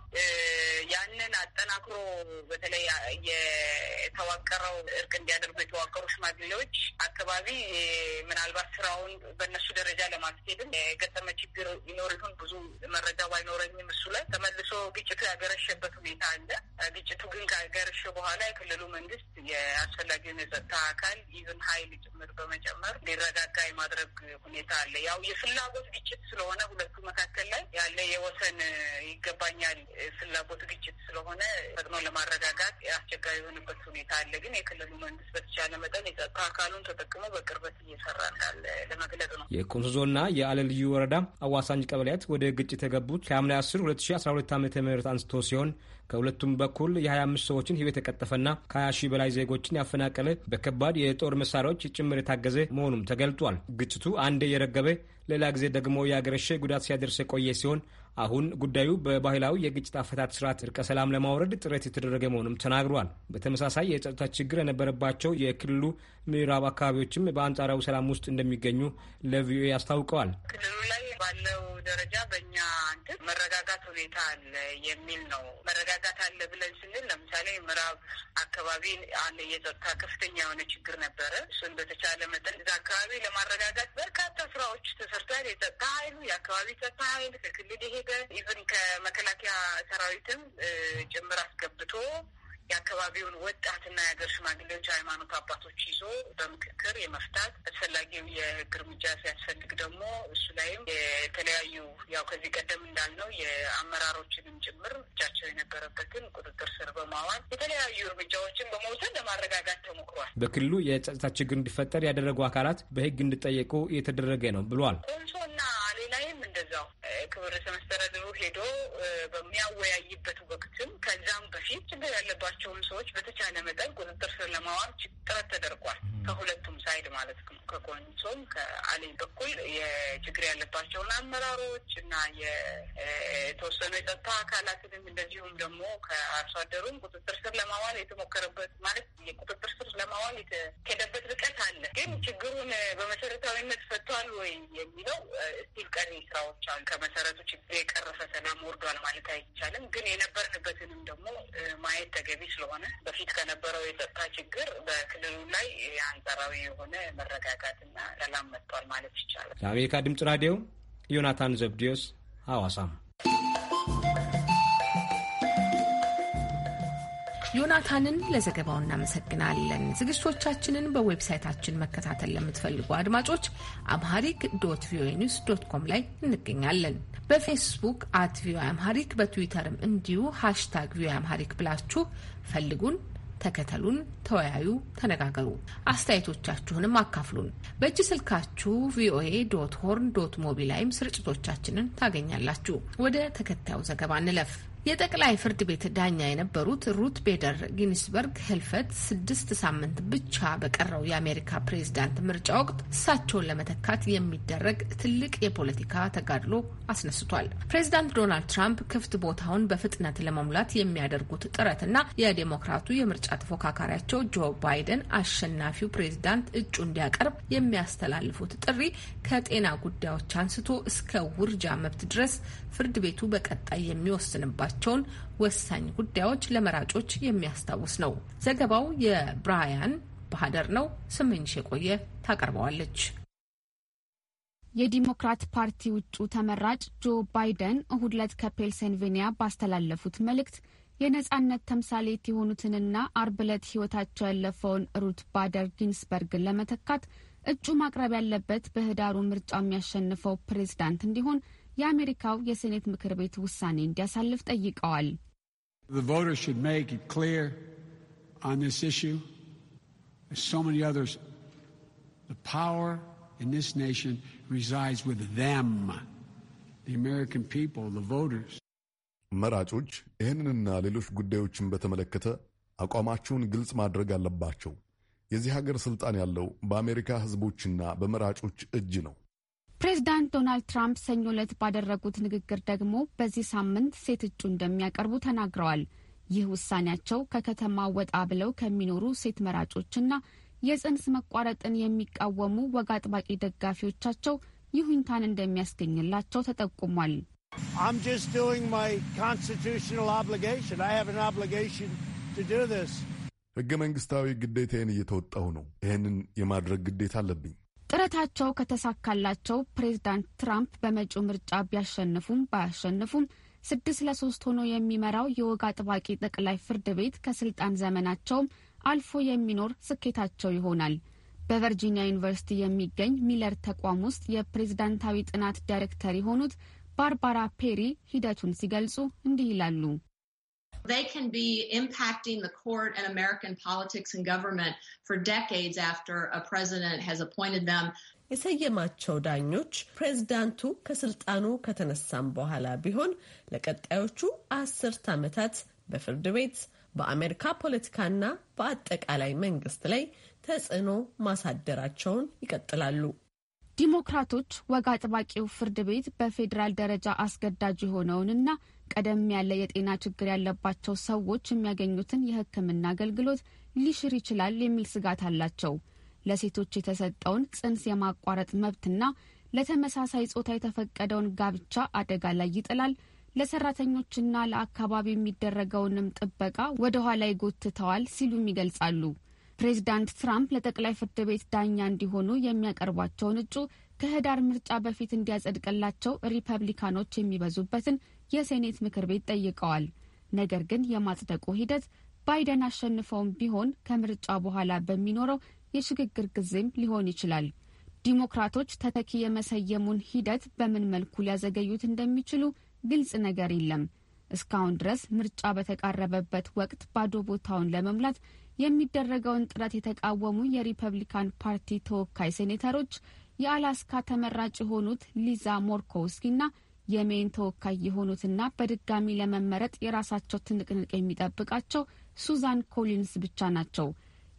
[SPEAKER 12] ያንን አጠናክሮ በተለይ የተዋቀረው እርቅ እንዲያደርጉ የተዋቀሩ ሽማግሌዎች አካባቢ ምናልባት ስራውን በእነሱ ደረጃ ለማስኬድም የገጠመ ችግር ይኖር ይሁን ብዙ መረጃ ባይኖረኝም እሱ ላይ ተመልሶ ግጭቱ ያገረሸበት ሁኔታ አለ። ግጭቱ ግን ካገረሸ በኋላ የክልሉ መንግስት የአስፈላጊውን የጸጥታ አካል ይዝን ሀይል ጭምር በመጨመር እንዲረጋጋ የማድረግ ሁኔታ አለ። ያው የፍላጎት ግጭት ስለሆነ ሁለቱ መካከል ላይ ያለ የወሰን ይገባኛል ፍላጎት ግጭት ስለሆነ ፈጥኖ ለማረጋጋት አስቸጋሪ የሆነበት ሁኔታ አለ። ግን የክልሉ
[SPEAKER 11] መንግስት በተቻለ መጠን የጸጥታ አካሉን ተጠቅሞ በቅርበት እየሰራ እንዳለ ለመግለጽ ነው። የኮንሶ ዞንና የአለልዩ ወረዳ አዋሳኝ አዋሳኝ ቀበሌያት ወደ ግጭት የገቡት ከሐምሌ 10 2012 ዓ ም አንስቶ ሲሆን ከሁለቱም በኩል የ25 ሰዎችን ህይወት የቀጠፈና ከ20 ሺህ በላይ ዜጎችን ያፈናቀለ በከባድ የጦር መሳሪያዎች ጭምር የታገዘ መሆኑም ተገልጧል። ግጭቱ አንዴ የረገበ ሌላ ጊዜ ደግሞ የአገረሸ ጉዳት ሲያደርስ የቆየ ሲሆን አሁን ጉዳዩ በባህላዊ የግጭት አፈታት ስርዓት እርቀ ሰላም ለማውረድ ጥረት የተደረገ መሆኑም ተናግሯል። በተመሳሳይ የጸጥታ ችግር የነበረባቸው የክልሉ ምዕራብ አካባቢዎችም በአንጻራዊ ሰላም ውስጥ እንደሚገኙ ለቪኦኤ አስታውቀዋል።
[SPEAKER 12] ክልሉ ላይ ባለው ደረጃ በእኛ እንትን መረጋጋት ሁኔታ አለ የሚል ነው። መረጋጋት አለ ብለን ስንል ለምሳሌ ምዕራብ አካባቢ አንድ የጸጥታ ከፍተኛ የሆነ ችግር ነበረ። እሱን በተቻለ መጠን እዛ አካባቢ ለማረጋጋት በርካታ ስራዎች ተሰርቷል የጸጥታ ኃይሉ የአካባቢ ጸጥታ ኃይል ከክልል የሄደ ኢቨን ከመከላከያ ሰራዊትም ጭምር አስገብቶ የአካባቢውን ወጣትና የሀገር ሽማግሌዎች፣ ሃይማኖት አባቶች ይዞ በምክክር የመፍታት አስፈላጊው የህግ እርምጃ ሲያስፈልግ ደግሞ እሱ ላይም የተለያዩ ያው ከዚህ ቀደም እንዳልነው የአመራሮችንም ጭምር እጃቸው የነበረበትን ቁጥጥር ስር በማዋል የተለያዩ እርምጃዎችን በመውሰድ ለማረጋጋት ተሞክሯል።
[SPEAKER 11] በክልሉ የጸጥታ ችግር እንዲፈጠር ያደረጉ አካላት በህግ እንዲጠየቁ እየተደረገ ነው ብሏል። ኮንሶና
[SPEAKER 12] ሌላይም እንደዛው ክብር ርዕሰ ሄዶ በሚያወያይበት ወቅትም ከዛም በፊት ችግር ያለባቸው ያሏቸውም ሰዎች በተቻለ መጠን ቁጥጥር ስር ለማዋል ጥረት ተደርጓል ከሁለት ማለት ነው። ከኮንሶም ከአሌ በኩል የችግር ያለባቸውን አመራሮች እና የተወሰኑ የጸጥታ አካላትንም እንደዚሁም ደግሞ ከአርሶ አደሩም ቁጥጥር ስር ለማዋል የተሞከረበት ማለት የቁጥጥር ስር ለማዋል የተሄደበት ርቀት አለ። ግን ችግሩን በመሰረታዊነት ፈቷል ወይ የሚለው እስቲል ቀሪ ስራዎች አሉ። ከመሰረቱ ችግር የቀረፈ ሰላም ወርዷል ማለት አይቻልም። ግን የነበርንበትንም ደግሞ ማየት ተገቢ ስለሆነ በፊት ከነበረው የጸጥታ ችግር
[SPEAKER 11] በክልሉ ላይ አንጻራዊ የሆነ መረጋጋትና ሰላም መጥቷል ማለት ይቻላል። ለአሜሪካ ድምጽ ራዲዮ ዮናታን ዘብዲዮስ ሐዋሳም።
[SPEAKER 1] ዮናታንን ለዘገባው እናመሰግናለን። ዝግጅቶቻችንን በዌብሳይታችን መከታተል ለምትፈልጉ አድማጮች አምሃሪክ ዶት ቪኦኤ ኒውስ ዶት ኮም ላይ እንገኛለን። በፌስቡክ አት ቪኦኤ አምሃሪክ፣ በትዊተርም እንዲሁ ሃሽታግ ቪኦኤ አምሃሪክ ብላችሁ ፈልጉን ተከተሉን፣ ተወያዩ፣ ተነጋገሩ። አስተያየቶቻችሁንም አካፍሉን። በእጅ ስልካችሁ ቪኦኤ ዶት ሆርን ዶት ሞቢ ላይም ስርጭቶቻችንን ታገኛላችሁ። ወደ ተከታዩ ዘገባ እንለፍ። የጠቅላይ ፍርድ ቤት ዳኛ የነበሩት ሩት ቤደር ጊንስበርግ ህልፈት ስድስት ሳምንት ብቻ በቀረው የአሜሪካ ፕሬዝዳንት ምርጫ ወቅት እሳቸውን ለመተካት የሚደረግ ትልቅ የፖለቲካ ተጋድሎ አስነስቷል። ፕሬዝዳንት ዶናልድ ትራምፕ ክፍት ቦታውን በፍጥነት ለመሙላት የሚያደርጉት ጥረትና የዴሞክራቱ የምርጫ ተፎካካሪያቸው ጆ ባይደን አሸናፊው ፕሬዝዳንት እጩ እንዲያቀርብ የሚያስተላልፉት ጥሪ ከጤና ጉዳዮች አንስቶ እስከ ውርጃ መብት ድረስ ፍርድ ቤቱ በቀጣይ የሚወስንባቸውን ወሳኝ ጉዳዮች ለመራጮች የሚያስታውስ ነው። ዘገባው የብራያን ባህደር ነው። ስምኝሽ የቆየ ታቀርበዋለች።
[SPEAKER 13] የዲሞክራት ፓርቲ ውጩ ተመራጭ ጆ ባይደን እሁድ ዕለት ከፔንስልቬንያ ባስተላለፉት መልእክት የነጻነት ተምሳሌት የሆኑትንና አርብ ዕለት ሕይወታቸው ያለፈውን ሩት ባደር ጊንስበርግን ለመተካት እጩ ማቅረብ ያለበት በህዳሩ ምርጫ የሚያሸንፈው ፕሬዝዳንት እንዲሆን የአሜሪካው የሴኔት ምክር ቤት ውሳኔ እንዲያሳልፍ ጠይቀዋል።
[SPEAKER 4] መራጮች ይህንንና ሌሎች ጉዳዮችን በተመለከተ አቋማቸውን ግልጽ ማድረግ አለባቸው። የዚህ ሀገር ሥልጣን ያለው በአሜሪካ ሕዝቦችና በመራጮች እጅ ነው።
[SPEAKER 13] ፕሬዚዳንት ዶናልድ ትራምፕ ሰኞ ዕለት ባደረጉት ንግግር ደግሞ በዚህ ሳምንት ሴት እጩ እንደሚያቀርቡ ተናግረዋል። ይህ ውሳኔያቸው ከከተማ ወጣ ብለው ከሚኖሩ ሴት መራጮችና የጽንስ መቋረጥን የሚቃወሙ ወግ አጥባቂ ደጋፊዎቻቸው ይሁንታን እንደሚያስገኝላቸው ተጠቁሟል።
[SPEAKER 4] ሕገ መንግስታዊ ግዴታዬን እየተወጣሁ ነው። ይህንን የማድረግ ግዴታ አለብኝ።
[SPEAKER 13] ጥረታቸው ከተሳካላቸው ፕሬዝዳንት ትራምፕ በመጪው ምርጫ ቢያሸንፉም ባያሸንፉም ስድስት ለሶስት ሆኖ የሚመራው የወግ አጥባቂ ጠቅላይ ፍርድ ቤት ከስልጣን ዘመናቸውም አልፎ የሚኖር ስኬታቸው ይሆናል። በቨርጂኒያ ዩኒቨርሲቲ የሚገኝ ሚለር ተቋም ውስጥ የፕሬዝዳንታዊ ጥናት ዳይሬክተር የሆኑት ባርባራ ፔሪ ሂደቱን ሲገልጹ እንዲህ ይላሉ።
[SPEAKER 1] They can be impacting the court and American politics and government for decades after a president has appointed them. የሰየማቸው ዳኞች ፕሬዝዳንቱ
[SPEAKER 3] ከስልጣኑ ከተነሳም በኋላ ቢሆን ለቀጣዮቹ አስርት ዓመታት በፍርድ ቤት በአሜሪካ ፖለቲካና በአጠቃላይ መንግስት ላይ ተጽዕኖ ማሳደራቸውን ይቀጥላሉ።
[SPEAKER 13] ዲሞክራቶች ወግ አጥባቂው ፍርድ ቤት በፌዴራል ደረጃ አስገዳጅ የሆነውንና ቀደም ያለ የጤና ችግር ያለባቸው ሰዎች የሚያገኙትን የሕክምና አገልግሎት ሊሽር ይችላል የሚል ስጋት አላቸው። ለሴቶች የተሰጠውን ጽንስ የማቋረጥ መብትና ለተመሳሳይ ጾታ የተፈቀደውን ጋብቻ አደጋ ላይ ይጥላል። ለሰራተኞችና ለአካባቢ የሚደረገውንም ጥበቃ ወደ ኋላ ይጎትተዋል ሲሉም ይገልጻሉ። ፕሬዚዳንት ትራምፕ ለጠቅላይ ፍርድ ቤት ዳኛ እንዲሆኑ የሚያቀርቧቸውን እጩ ከህዳር ምርጫ በፊት እንዲያጸድቅላቸው ሪፐብሊካኖች የሚበዙበትን የሴኔት ምክር ቤት ጠይቀዋል። ነገር ግን የማጽደቁ ሂደት ባይደን አሸንፈውም ቢሆን ከምርጫ በኋላ በሚኖረው የሽግግር ጊዜም ሊሆን ይችላል። ዲሞክራቶች ተተኪ የመሰየሙን ሂደት በምን መልኩ ሊያዘገዩት እንደሚችሉ ግልጽ ነገር የለም። እስካሁን ድረስ ምርጫ በተቃረበበት ወቅት ባዶ ቦታውን ለመሙላት የሚደረገውን ጥረት የተቃወሙ የሪፐብሊካን ፓርቲ ተወካይ ሴኔተሮች የአላስካ ተመራጭ የሆኑት ሊዛ ሞርኮውስኪና የሜይን ተወካይ የሆኑትና በድጋሚ ለመመረጥ የራሳቸው ትንቅንቅ የሚጠብቃቸው ሱዛን ኮሊንስ ብቻ ናቸው።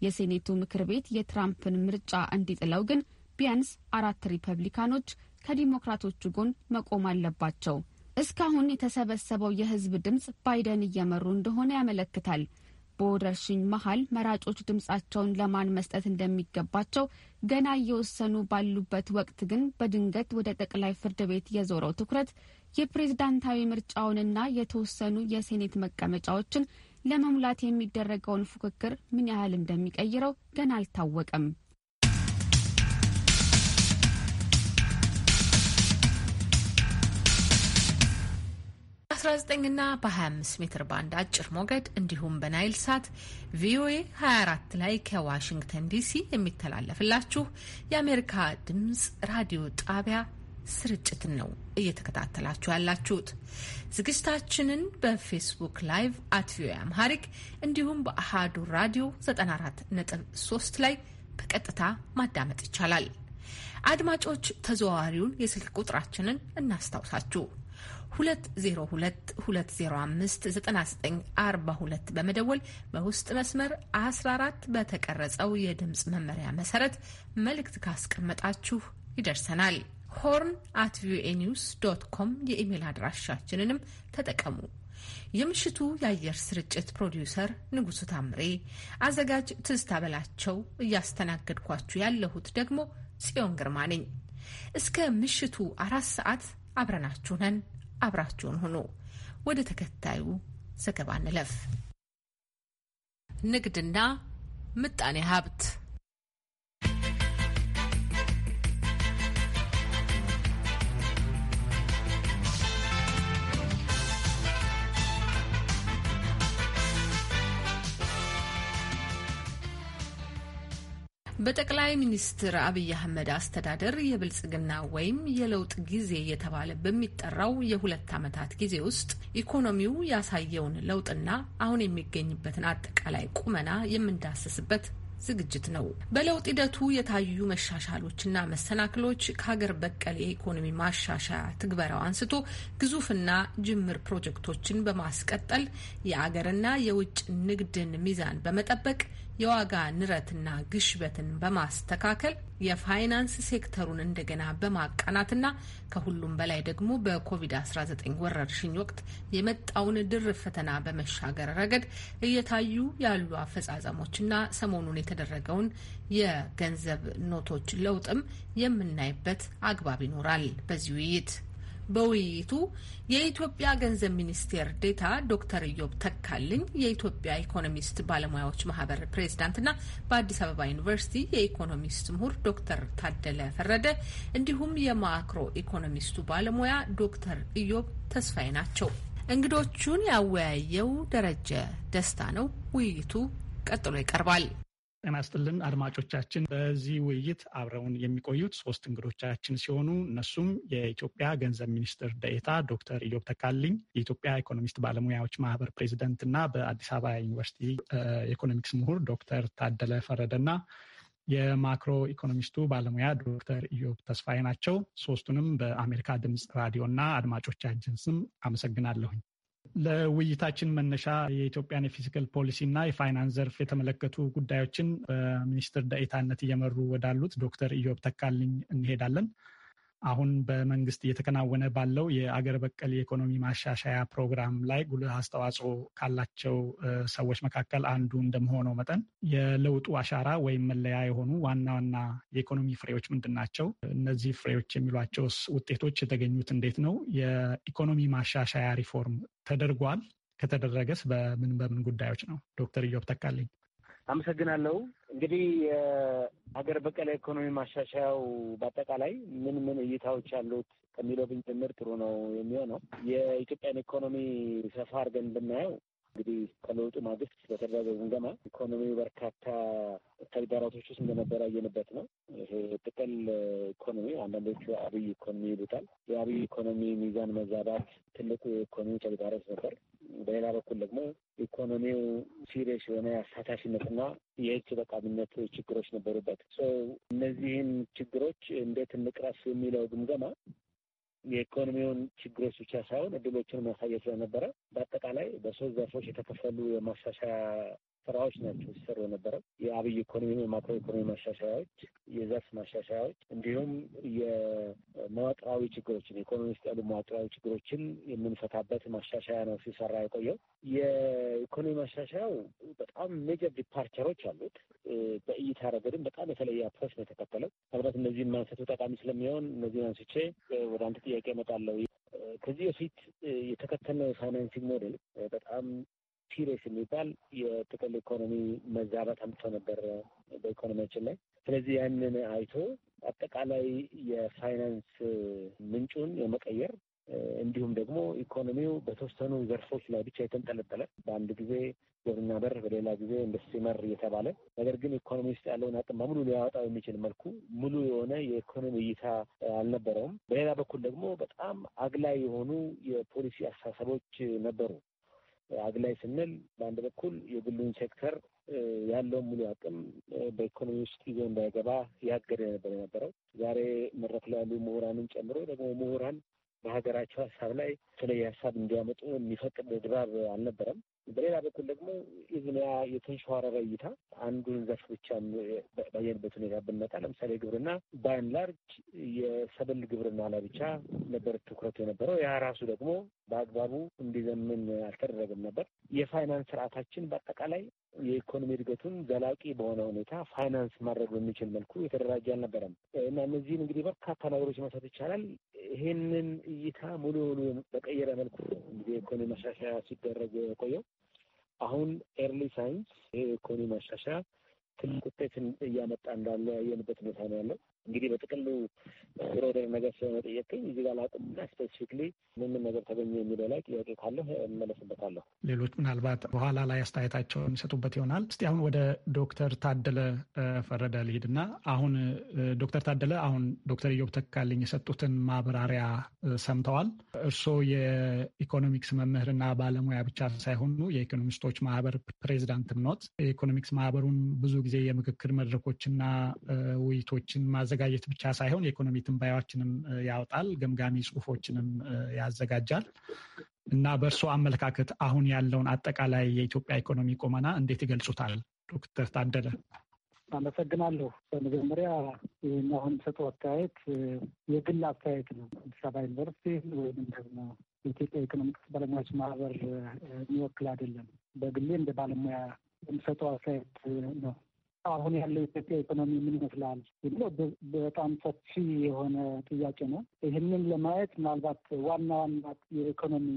[SPEAKER 13] የሴኔቱ ምክር ቤት የትራምፕን ምርጫ እንዲጥለው ግን ቢያንስ አራት ሪፐብሊካኖች ከዲሞክራቶቹ ጎን መቆም አለባቸው። እስካሁን የተሰበሰበው የህዝብ ድምፅ ባይደን እየመሩ እንደሆነ ያመለክታል። በወረርሽኝ መሀል መራጮች ድምጻቸውን ለማን መስጠት እንደሚገባቸው ገና እየወሰኑ ባሉበት ወቅት ግን በድንገት ወደ ጠቅላይ ፍርድ ቤት የዞረው ትኩረት የፕሬዝዳንታዊ ምርጫውንና የተወሰኑ የሴኔት መቀመጫዎችን ለመሙላት የሚደረገውን ፉክክር ምን ያህል እንደሚቀይረው ገና አልታወቀም።
[SPEAKER 1] በ19 ና በ25 ሜትር ባንድ አጭር ሞገድ እንዲሁም በናይል ሳት ቪኦኤ 24 ላይ ከዋሽንግተን ዲሲ የሚተላለፍላችሁ የአሜሪካ ድምፅ ራዲዮ ጣቢያ ስርጭትን ነው እየተከታተላችሁ ያላችሁት። ዝግጅታችንን በፌስቡክ ላይቭ አት ቪኦኤ አምሃሪክ እንዲሁም በአሃዱ ራዲዮ 94.3 ላይ በቀጥታ ማዳመጥ ይቻላል። አድማጮች ተዘዋዋሪውን የስልክ ቁጥራችንን እናስታውሳችሁ 2022059942 በመደወል በውስጥ መስመር 14 በተቀረጸው የድምፅ መመሪያ መሰረት መልእክት ካስቀመጣችሁ ይደርሰናል። ሆርን አት ቪኦኤ ኒውስ ዶት ኮም የኢሜል አድራሻችንንም ተጠቀሙ። የምሽቱ የአየር ስርጭት ፕሮዲውሰር ንጉሱ ታምሬ፣ አዘጋጅ ትዝታ በላቸው፣ እያስተናገድኳችሁ ያለሁት ደግሞ ጽዮን ግርማ ነኝ። እስከ ምሽቱ አራት ሰዓት አብረናችሁ ነን። አብራችሁን ሁኑ። ወደ ተከታዩ ዘገባ እንለፍ። ንግድና ምጣኔ ሀብት በጠቅላይ ሚኒስትር አብይ አህመድ አስተዳደር የብልጽግና ወይም የለውጥ ጊዜ እየተባለ በሚጠራው የሁለት ዓመታት ጊዜ ውስጥ ኢኮኖሚው ያሳየውን ለውጥና አሁን የሚገኝበትን አጠቃላይ ቁመና የምንዳስስበት ዝግጅት ነው። በለውጥ ሂደቱ የታዩ መሻሻሎችና መሰናክሎች ከሀገር በቀል የኢኮኖሚ ማሻሻያ ትግበራው አንስቶ ግዙፍና ጅምር ፕሮጀክቶችን በማስቀጠል የአገርና የውጭ ንግድን ሚዛን በመጠበቅ የዋጋ ንረትና ግሽበትን በማስተካከል የፋይናንስ ሴክተሩን እንደገና በማቃናትና ከሁሉም በላይ ደግሞ በኮቪድ-19 ወረርሽኝ ወቅት የመጣውን ድር ፈተና በመሻገር ረገድ እየታዩ ያሉ አፈጻጸሞችና ሰሞኑን የተደረገውን የገንዘብ ኖቶች ለውጥም የምናይበት አግባብ ይኖራል በዚህ ውይይት። በውይይቱ የኢትዮጵያ ገንዘብ ሚኒስቴር ዴታ ዶክተር ኢዮብ ተካልኝ፣ የኢትዮጵያ ኢኮኖሚስት ባለሙያዎች ማህበር ፕሬዝዳንትና በአዲስ አበባ ዩኒቨርሲቲ የኢኮኖሚስት ምሁር ዶክተር ታደለ ፈረደ እንዲሁም የማክሮ ኢኮኖሚስቱ ባለሙያ ዶክተር ኢዮብ ተስፋዬ ናቸው። እንግዶቹን ያወያየው ደረጀ ደስታ ነው። ውይይቱ
[SPEAKER 14] ቀጥሎ ይቀርባል። ጤና ይስጥልን አድማጮቻችን። በዚህ ውይይት አብረውን የሚቆዩት ሶስት እንግዶቻችን ሲሆኑ እነሱም የኢትዮጵያ ገንዘብ ሚኒስትር ደኤታ ዶክተር ኢዮብ ተካልኝ፣ የኢትዮጵያ ኢኮኖሚስት ባለሙያዎች ማህበር ፕሬዚደንት እና በአዲስ አበባ ዩኒቨርሲቲ ኢኮኖሚክስ ምሁር ዶክተር ታደለ ፈረደ እና የማክሮ ኢኮኖሚስቱ ባለሙያ ዶክተር ኢዮብ ተስፋዬ ናቸው። ሶስቱንም በአሜሪካ ድምፅ ራዲዮ እና አድማጮቻችን ስም አመሰግናለሁኝ። ለውይይታችን መነሻ የኢትዮጵያን የፊስካል ፖሊሲ እና የፋይናንስ ዘርፍ የተመለከቱ ጉዳዮችን በሚኒስትር ደኤታነት እየመሩ ወዳሉት ዶክተር ኢዮብ ተካልኝ እንሄዳለን። አሁን በመንግስት እየተከናወነ ባለው የአገር በቀል የኢኮኖሚ ማሻሻያ ፕሮግራም ላይ ጉልህ አስተዋጽኦ ካላቸው ሰዎች መካከል አንዱ እንደመሆነው መጠን የለውጡ አሻራ ወይም መለያ የሆኑ ዋና ዋና የኢኮኖሚ ፍሬዎች ምንድን ናቸው? እነዚህ ፍሬዎች የሚሏቸው ውጤቶች የተገኙት እንዴት ነው? የኢኮኖሚ ማሻሻያ ሪፎርም ተደርጓል? ከተደረገስ በምን በምን ጉዳዮች ነው? ዶክተር ኢዮብ ተካልኝ
[SPEAKER 7] አመሰግናለሁ። እንግዲህ የሀገር በቀል ኢኮኖሚ ማሻሻያው በአጠቃላይ ምን ምን እይታዎች አሉት ከሚለው ብንጀምር ጥሩ ነው የሚሆነው። የኢትዮጵያን ኢኮኖሚ ሰፋ አድርገን ብናየው እንግዲህ ከለውጡ ማግስት በተደረገ ግምገማ ኢኮኖሚው በርካታ ተግዳሮቶች ውስጥ እንደነበረ አየንበት ነው። ይሄ ጥቅል ኢኮኖሚ አንዳንዶቹ አብይ ኢኮኖሚ ይሉታል። የአብይ ኢኮኖሚ ሚዛን መዛባት ትልቁ የኢኮኖሚ ተግዳሮት ነበር። በሌላ በኩል ደግሞ ኢኮኖሚው ሲሪየስ የሆነ አሳታፊነትና የህግ ተጠቃሚነት ችግሮች ነበሩበት። እነዚህን ችግሮች እንዴት እንቅረፍ የሚለው ግምገማ የኢኮኖሚውን ችግሮች ብቻ ሳይሆን እድሎችን ማሳየት ስለነበረ በአጠቃላይ በሶስት ዘርፎች የተከፈሉ የማሻሻያ ስራዎች ናቸው ሲሰሩ የነበረው የአብይ ኢኮኖሚ የማክሮ ኢኮኖሚ ማሻሻያዎች፣ የዘርፍ ማሻሻያዎች እንዲሁም የመዋቅራዊ ችግሮችን የኢኮኖሚ ውስጥ ያሉ መዋቅራዊ ችግሮችን የምንፈታበት ማሻሻያ ነው ሲሰራ የቆየው። የኢኮኖሚ ማሻሻያው በጣም ሜጀር ዲፓርቸሮች አሉት። በእይታ ረገድም በጣም የተለየ አፕሮች ነው የተከተለው። ምናልባት እነዚህን ማንሳቱ ጠቃሚ ስለሚሆን እነዚህን አንስቼ ወደ አንድ ጥያቄ እመጣለሁ። ከዚህ በፊት የተከተልነው የፋይናንሲንግ ሞዴል በጣም ሲሪየስ የሚባል የጥቅል ኢኮኖሚ መዛባት አምጥቶ ነበር በኢኮኖሚያችን ላይ። ስለዚህ ያንን አይቶ አጠቃላይ የፋይናንስ ምንጩን የመቀየር እንዲሁም ደግሞ ኢኮኖሚው በተወሰኑ ዘርፎች ላይ ብቻ የተንጠለጠለ በአንድ ጊዜ ግብርና በር በሌላ ጊዜ ኢንዱስትሪ መር እየተባለ ነገር ግን ኢኮኖሚ ውስጥ ያለውን አቅም በሙሉ ሊያወጣው የሚችል መልኩ ሙሉ የሆነ የኢኮኖሚ እይታ አልነበረውም። በሌላ በኩል ደግሞ በጣም አግላይ የሆኑ የፖሊሲ አስተሳሰቦች ነበሩ። አግላይ ስንል በአንድ በኩል የግሉን ሴክተር ያለውን ሙሉ አቅም በኢኮኖሚ ውስጥ ይዞ እንዳይገባ ያገደ ነበር የነበረው። ዛሬ መድረክ ላይ ያሉ ምሁራንን ጨምሮ ደግሞ ምሁራን በሀገራቸው ሀሳብ ላይ የተለየ ሀሳብ እንዲያመጡ የሚፈቅድ ድባብ አልነበረም። በሌላ በኩል ደግሞ የዝንያ የተንሸዋረረ እይታ አንዱን ዘርፍ ብቻ ባየንበት ሁኔታ ብንመጣ ለምሳሌ ግብርና ባይንላርጅ የሰብል ግብርና ላይ ብቻ ነበር ትኩረት የነበረው። ያ ራሱ ደግሞ በአግባቡ እንዲዘምን አልተደረገም ነበር። የፋይናንስ ስርዓታችን በአጠቃላይ የኢኮኖሚ እድገቱን ዘላቂ በሆነ ሁኔታ ፋይናንስ ማድረግ በሚችል መልኩ የተደራጀ አልነበረም እና እነዚህን እንግዲህ በርካታ ነገሮች ማንሳት ይቻላል። ይህንን እይታ ሙሉ ሙሉ በቀየረ መልኩ እንግዲህ የኢኮኖሚ ማሻሻያ ሲደረግ የቆየው አሁን ኤርሊ ሳይንስ ይሄ የኢኮኖሚ ማሻሻያ ትልቅ ውጤትን እያመጣ እንዳለ ያየንበት ሁኔታ ነው ያለው። እንግዲህ በጥቅሉ ሮደር ነገር ስለመጠየቅኝ እዚህ ጋር ላቁምና ስፔሲፊክሊ ምን ነገር ተገኘ የሚለው ላይ ጥያቄ ካለ እመለስበታለሁ።
[SPEAKER 14] ሌሎች ምናልባት በኋላ ላይ አስተያየታቸውን የሚሰጡበት ይሆናል። እስቲ አሁን ወደ ዶክተር ታደለ ፈረደ ልሂድና አሁን ዶክተር ታደለ አሁን ዶክተር ኢዮብ ተካልኝ የሰጡትን ማብራሪያ ሰምተዋል። እርስዎ የኢኮኖሚክስ መምህርና ባለሙያ ብቻ ሳይሆኑ የኢኮኖሚስቶች ማህበር ፕሬዚዳንትም ኖት። የኢኮኖሚክስ ማህበሩን ብዙ ጊዜ የምክክር መድረኮችና ውይይቶችን ማዘ ማዘጋጀት ብቻ ሳይሆን የኢኮኖሚ ትንባያዎችንም ያወጣል፣ ገምጋሚ ጽሁፎችንም ያዘጋጃል እና በእርሶ አመለካከት አሁን ያለውን አጠቃላይ የኢትዮጵያ ኢኮኖሚ ቁመና እንዴት ይገልጹታል? ዶክተር ታደለ
[SPEAKER 5] አመሰግናለሁ። በመጀመሪያ ይህን አሁን የምሰጠው አስተያየት የግል አስተያየት ነው። አዲስ አበባ ዩኒቨርሲቲ ወይም ደግሞ የኢትዮጵያ ኢኮኖሚክስ ባለሙያዎች ማህበር የሚወክል አይደለም። በግሌ እንደ ባለሙያ የምሰጠው አስተያየት ነው። አሁን ያለው ኢትዮጵያ ኢኮኖሚ ምን ይመስላል የሚለው በጣም ሰፊ የሆነ ጥያቄ ነው። ይህንን ለማየት ምናልባት ዋና ዋና የኢኮኖሚ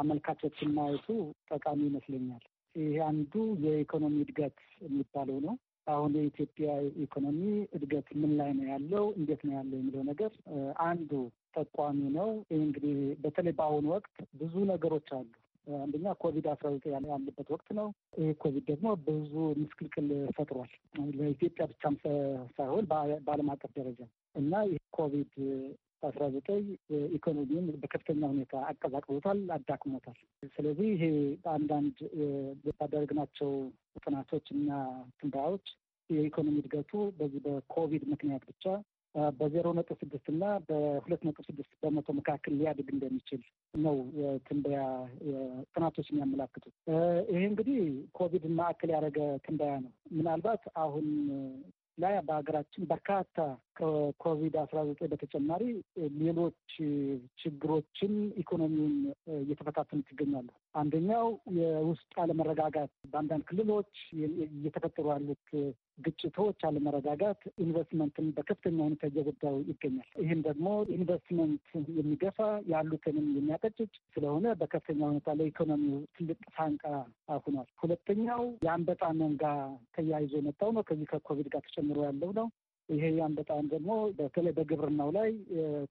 [SPEAKER 5] አመልካቾችን ማየቱ ጠቃሚ ይመስለኛል። ይህ አንዱ የኢኮኖሚ እድገት የሚባለው ነው። አሁን የኢትዮጵያ ኢኮኖሚ እድገት ምን ላይ ነው ያለው፣ እንዴት ነው ያለው የሚለው ነገር አንዱ ጠቋሚ ነው። ይህ እንግዲህ በተለይ በአሁኑ ወቅት ብዙ ነገሮች አሉ። አንደኛ ኮቪድ አስራ ዘጠኝ ያለበት ወቅት ነው። ይህ ኮቪድ ደግሞ ብዙ ምስቅልቅል ፈጥሯል። ለኢትዮጵያ ብቻም ሳይሆን በዓለም አቀፍ ደረጃ እና ይህ ኮቪድ አስራ ዘጠኝ ኢኮኖሚውን በከፍተኛ ሁኔታ አቀዛቅሎታል አዳክሞታል። ስለዚህ ይሄ አንዳንድ ባደረግናቸው ጥናቶች እና ትንበያዎች የኢኮኖሚ እድገቱ በዚህ በኮቪድ ምክንያት ብቻ በዜሮ ነጥብ ስድስት እና በሁለት ነጥብ ስድስት በመቶ መካከል ሊያድግ እንደሚችል ነው ትንበያ ጥናቶች የሚያመላክቱት። ይሄ እንግዲህ ኮቪድ ማዕከል ያደረገ ትንበያ ነው። ምናልባት አሁን ላይ በሀገራችን በርካታ ከኮቪድ አስራ ዘጠኝ በተጨማሪ ሌሎች ችግሮችን ኢኮኖሚውን እየተፈታተኑት ይገኛሉ። አንደኛው የውስጥ አለመረጋጋት በአንዳንድ ክልሎች እየተፈጠሩ ያሉት ግጭቶች፣ አለመረጋጋት ኢንቨስትመንትን በከፍተኛ ሁኔታ እየጎዳው ይገኛል። ይህም ደግሞ ኢንቨስትመንት የሚገፋ ያሉትንም የሚያቀጭጭ ስለሆነ በከፍተኛ ሁኔታ ለኢኮኖሚው ትልቅ ሳንቃ ሁኗል። ሁለተኛው የአንበጣ መንጋ ተያይዞ የመጣው ነው። ከዚህ ከኮቪድ ጋር ተጨምሮ ያለው ነው። ይሄ በጣም ደግሞ በተለይ በግብርናው ላይ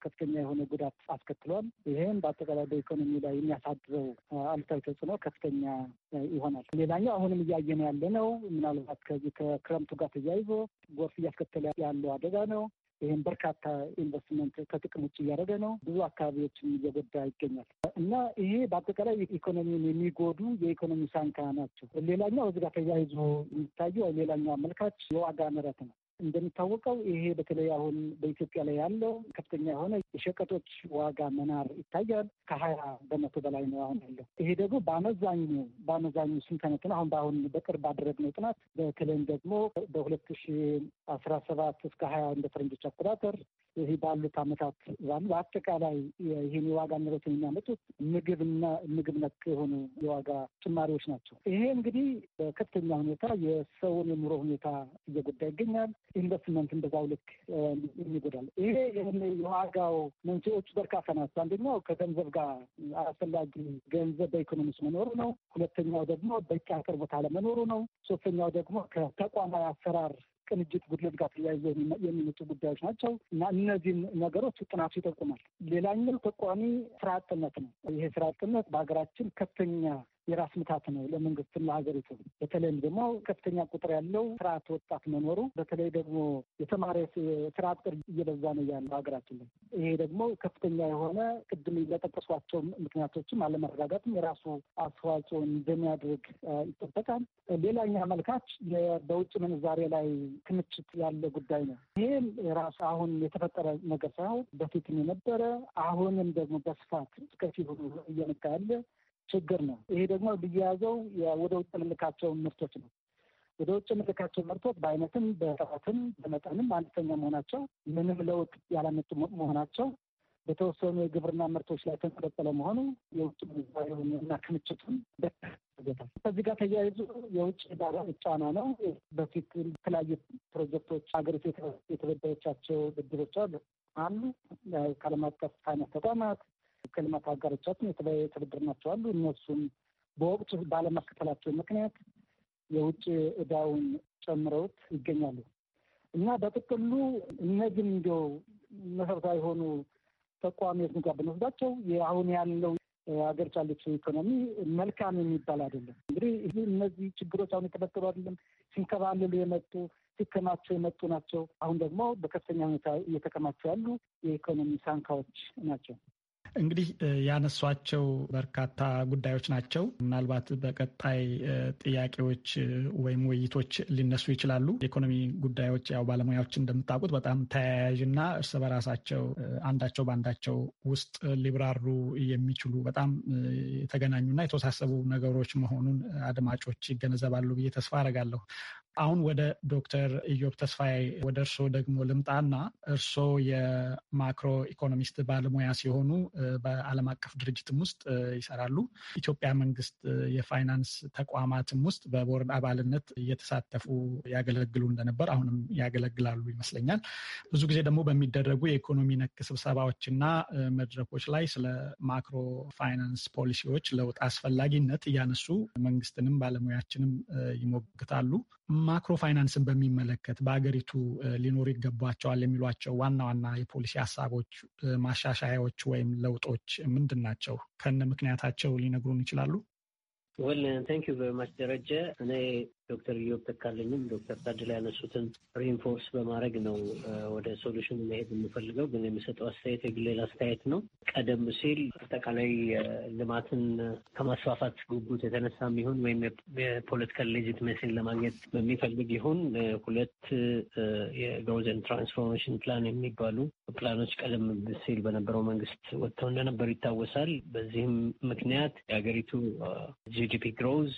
[SPEAKER 5] ከፍተኛ የሆነ ጉዳት አስከትሏል። ይህም በአጠቃላይ በኢኮኖሚ ላይ የሚያሳድረው አሉታዊ ተጽዕኖ ከፍተኛ ይሆናል። ሌላኛው አሁንም እያየን ያለ ነው። ምናልባት ከዚህ ከክረምቱ ጋር ተያይዞ ጎርፍ እያስከተለ ያለው አደጋ ነው። ይህም በርካታ ኢንቨስትመንት ከጥቅም ውጭ እያደረገ ነው። ብዙ አካባቢዎችን እየጎዳ ይገኛል እና ይሄ በአጠቃላይ ኢኮኖሚን የሚጎዱ የኢኮኖሚ ሳንካ ናቸው። ሌላኛው እዚህ ጋር ተያይዞ የሚታየው ሌላኛው አመልካች የዋጋ ንረት ነው። እንደሚታወቀው ይሄ በተለይ አሁን በኢትዮጵያ ላይ ያለው ከፍተኛ የሆነ የሸቀጦች ዋጋ መናር ይታያል። ከሀያ በመቶ በላይ ነው አሁን ያለው። ይሄ ደግሞ በአመዛኙ በአመዛኙ ነው አሁን በአሁን በቅርብ ባደረግነው ጥናት በተለይም ደግሞ በሁለት ሺ አስራ ሰባት እስከ ሀያ እንደ ፈረንጆች አቆጣጠር ይህ ባሉት አመታት ባሉ በአጠቃላይ ይህን የዋጋ ንረት የሚያመጡት ምግብና ምግብ ነክ የሆኑ የዋጋ ጭማሪዎች ናቸው። ይሄ እንግዲህ በከፍተኛ ሁኔታ የሰውን የኑሮ ሁኔታ እየጎዳ ይገኛል። ኢንቨስትመንት እንደዛው ልክ ይጎዳል። ይሄ የዋጋው መንስኤዎቹ በርካታ ናቸው። አንደኛው ከገንዘብ ጋር አስፈላጊ ገንዘብ በኢኮኖሚ ውስጥ መኖሩ ነው። ሁለተኛው ደግሞ በቂ አቅርቦት አለመኖሩ ነው። ሶስተኛው ደግሞ ከተቋማዊ አሰራር ቅንጅት ጉድለት ጋር ተያይዞ የሚመጡ ጉዳዮች ናቸው እና እነዚህም ነገሮች ጥናቱ ይጠቁማል። ሌላኛው ተቋሚ ስራ አጥነት ነው። ይሄ ስራ አጥነት በሀገራችን ከፍተኛ የራስ ምታት ነው ለመንግስትም ለሀገሪቱ። በተለይም ደግሞ ከፍተኛ ቁጥር ያለው ስርዓት ወጣት መኖሩ፣ በተለይ ደግሞ የተማረ ስራ እየበዛ ነው ያለው ሀገራችን ላይ። ይሄ ደግሞ ከፍተኛ የሆነ ቅድም ለጠቀሷቸው ምክንያቶችም አለመረጋጋትም የራሱ አስተዋጽኦ እንደሚያድርግ ይጠበቃል። ሌላኛ መልካች በውጭ ምንዛሬ ላይ ክምችት ያለ ጉዳይ ነው። ይህም ራሱ አሁን የተፈጠረ ነገር ሳይሆን በፊትም የነበረ አሁንም ደግሞ በስፋት እስከፊ ሆኖ ያለ ችግር ነው። ይሄ ደግሞ ብያያዘው ወደ ውጭ የምንልካቸው ምርቶች ነው። ወደ ውጭ የምንልካቸው ምርቶች በአይነትም፣ በጥራትም፣ በመጠንም አነስተኛ መሆናቸው፣ ምንም ለውጥ ያላመጡ መሆናቸው፣ በተወሰኑ የግብርና ምርቶች ላይ ተንጠለጠለ መሆኑ የውጭ ምንዛሬውን እና ክምችቱን ይገታል። ከዚህ ጋር ተያይዞ የውጭ ዳራ ጫና ነው። በፊት የተለያዩ ፕሮጀክቶች ሀገሪቱ የተበደረቻቸው ብድሮች አሉ አሉ ከዓለም አቀፍ ፋይናንስ ተቋማት ከልማት አጋሮቻችን የተለያየ ትብብር ናቸው አሉ። እነሱም በወቅቱ ባለመከተላቸው ምክንያት የውጭ እዳውን ጨምረውት ይገኛሉ እና በጥቅሉ እነዚህም እንዲያው መሰረታዊ የሆኑ ተቋሚ እንኳ ብንወስዳቸው የአሁን ያለው ሀገር ያለችው ኢኮኖሚ መልካም የሚባል አይደለም። እንግዲህ እነዚህ ችግሮች አሁን የተፈጠሩ አይደለም፣ ሲንከባልሉ የመጡ ሲከማቸው የመጡ ናቸው። አሁን ደግሞ በከፍተኛ ሁኔታ እየተከማቸው ያሉ የኢኮኖሚ ሳንካዎች ናቸው።
[SPEAKER 14] እንግዲህ ያነሷቸው በርካታ ጉዳዮች ናቸው። ምናልባት በቀጣይ ጥያቄዎች ወይም ውይይቶች ሊነሱ ይችላሉ። የኢኮኖሚ ጉዳዮች ያው ባለሙያዎች እንደምታውቁት በጣም ተያያዥና እርስ በራሳቸው አንዳቸው በአንዳቸው ውስጥ ሊብራሩ የሚችሉ በጣም የተገናኙና የተወሳሰቡ ነገሮች መሆኑን አድማጮች ይገነዘባሉ ብዬ ተስፋ አረጋለሁ። አሁን ወደ ዶክተር ኢዮብ ተስፋዬ ወደ እርስዎ ደግሞ ልምጣና እርስዎ የማክሮ ኢኮኖሚስት ባለሙያ ሲሆኑ በዓለም አቀፍ ድርጅትም ውስጥ ይሰራሉ። ኢትዮጵያ መንግስት የፋይናንስ ተቋማትም ውስጥ በቦርድ አባልነት እየተሳተፉ ያገለግሉ እንደነበር አሁንም ያገለግላሉ ይመስለኛል። ብዙ ጊዜ ደግሞ በሚደረጉ የኢኮኖሚ ነክ ስብሰባዎችና መድረኮች ላይ ስለ ማክሮ ፋይናንስ ፖሊሲዎች ለውጥ አስፈላጊነት እያነሱ መንግስትንም ባለሙያችንም ይሞግታሉ። ማክሮ ፋይናንስን በሚመለከት በሀገሪቱ ሊኖሩ ይገባቸዋል የሚሏቸው ዋና ዋና የፖሊሲ ሀሳቦች፣ ማሻሻያዎች ወይም ለውጦች ምንድን ናቸው? ከነ ምክንያታቸው ሊነግሩን ይችላሉ?
[SPEAKER 6] ወል ተንክ ዩ ቨሪ ማች ደረጀ። እኔ ዶክተር ኢዮብ ተካለኝም ዶክተር ታድላ ያነሱትን ሪኢንፎርስ በማድረግ ነው ወደ ሶሉሽን መሄድ የምፈልገው። ግን የሚሰጠው አስተያየት የግሌል አስተያየት ነው። ቀደም ሲል አጠቃላይ ልማትን ከማስፋፋት ጉጉት የተነሳ የሚሆን ወይም የፖለቲካል ሌጂትመሲን ለማግኘት በሚፈልግ ይሁን ሁለት የግሮውዝ ትራንስፎርሜሽን ፕላን የሚባሉ ፕላኖች ቀደም ሲል በነበረው መንግስት ወጥተው እንደነበሩ ይታወሳል። በዚህም ምክንያት የሀገሪቱ ጂዲፒ ግሮዝ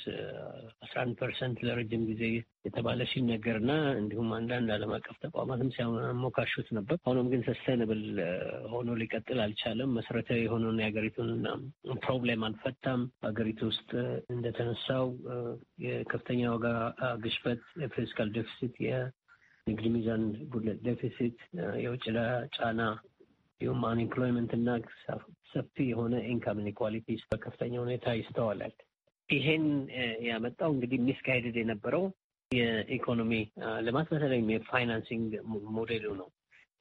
[SPEAKER 6] አስራ አንድ ፐርሰንት ለረጅም ጊዜ የተባለ ሲነገር እና እንዲሁም አንዳንድ ዓለም አቀፍ ተቋማትም ሲያሞካሹት ነበር። ሆኖም ግን ሰስተንብል ሆኖ ሊቀጥል አልቻለም። መሰረታዊ የሆነውን የሀገሪቱን ፕሮብሌም አልፈታም። ሀገሪቱ ውስጥ እንደተነሳው የከፍተኛ ዋጋ ግሽበት፣ የፊስካል ዴፊሲት፣ የንግድ ሚዛን ጉድለት ዴፊሲት፣ የውጭ ዕዳ ጫና እንዲሁም አንኤምፕሎይመንት እና ሰፊ የሆነ ኢንካም ኢንኢኳሊቲ በከፍተኛ ሁኔታ ይስተዋላል። ይሄን ያመጣው እንግዲህ ሚስጋይድድ የነበረው የኢኮኖሚ ልማት በተለይም የፋይናንሲንግ ሞዴሉ ነው።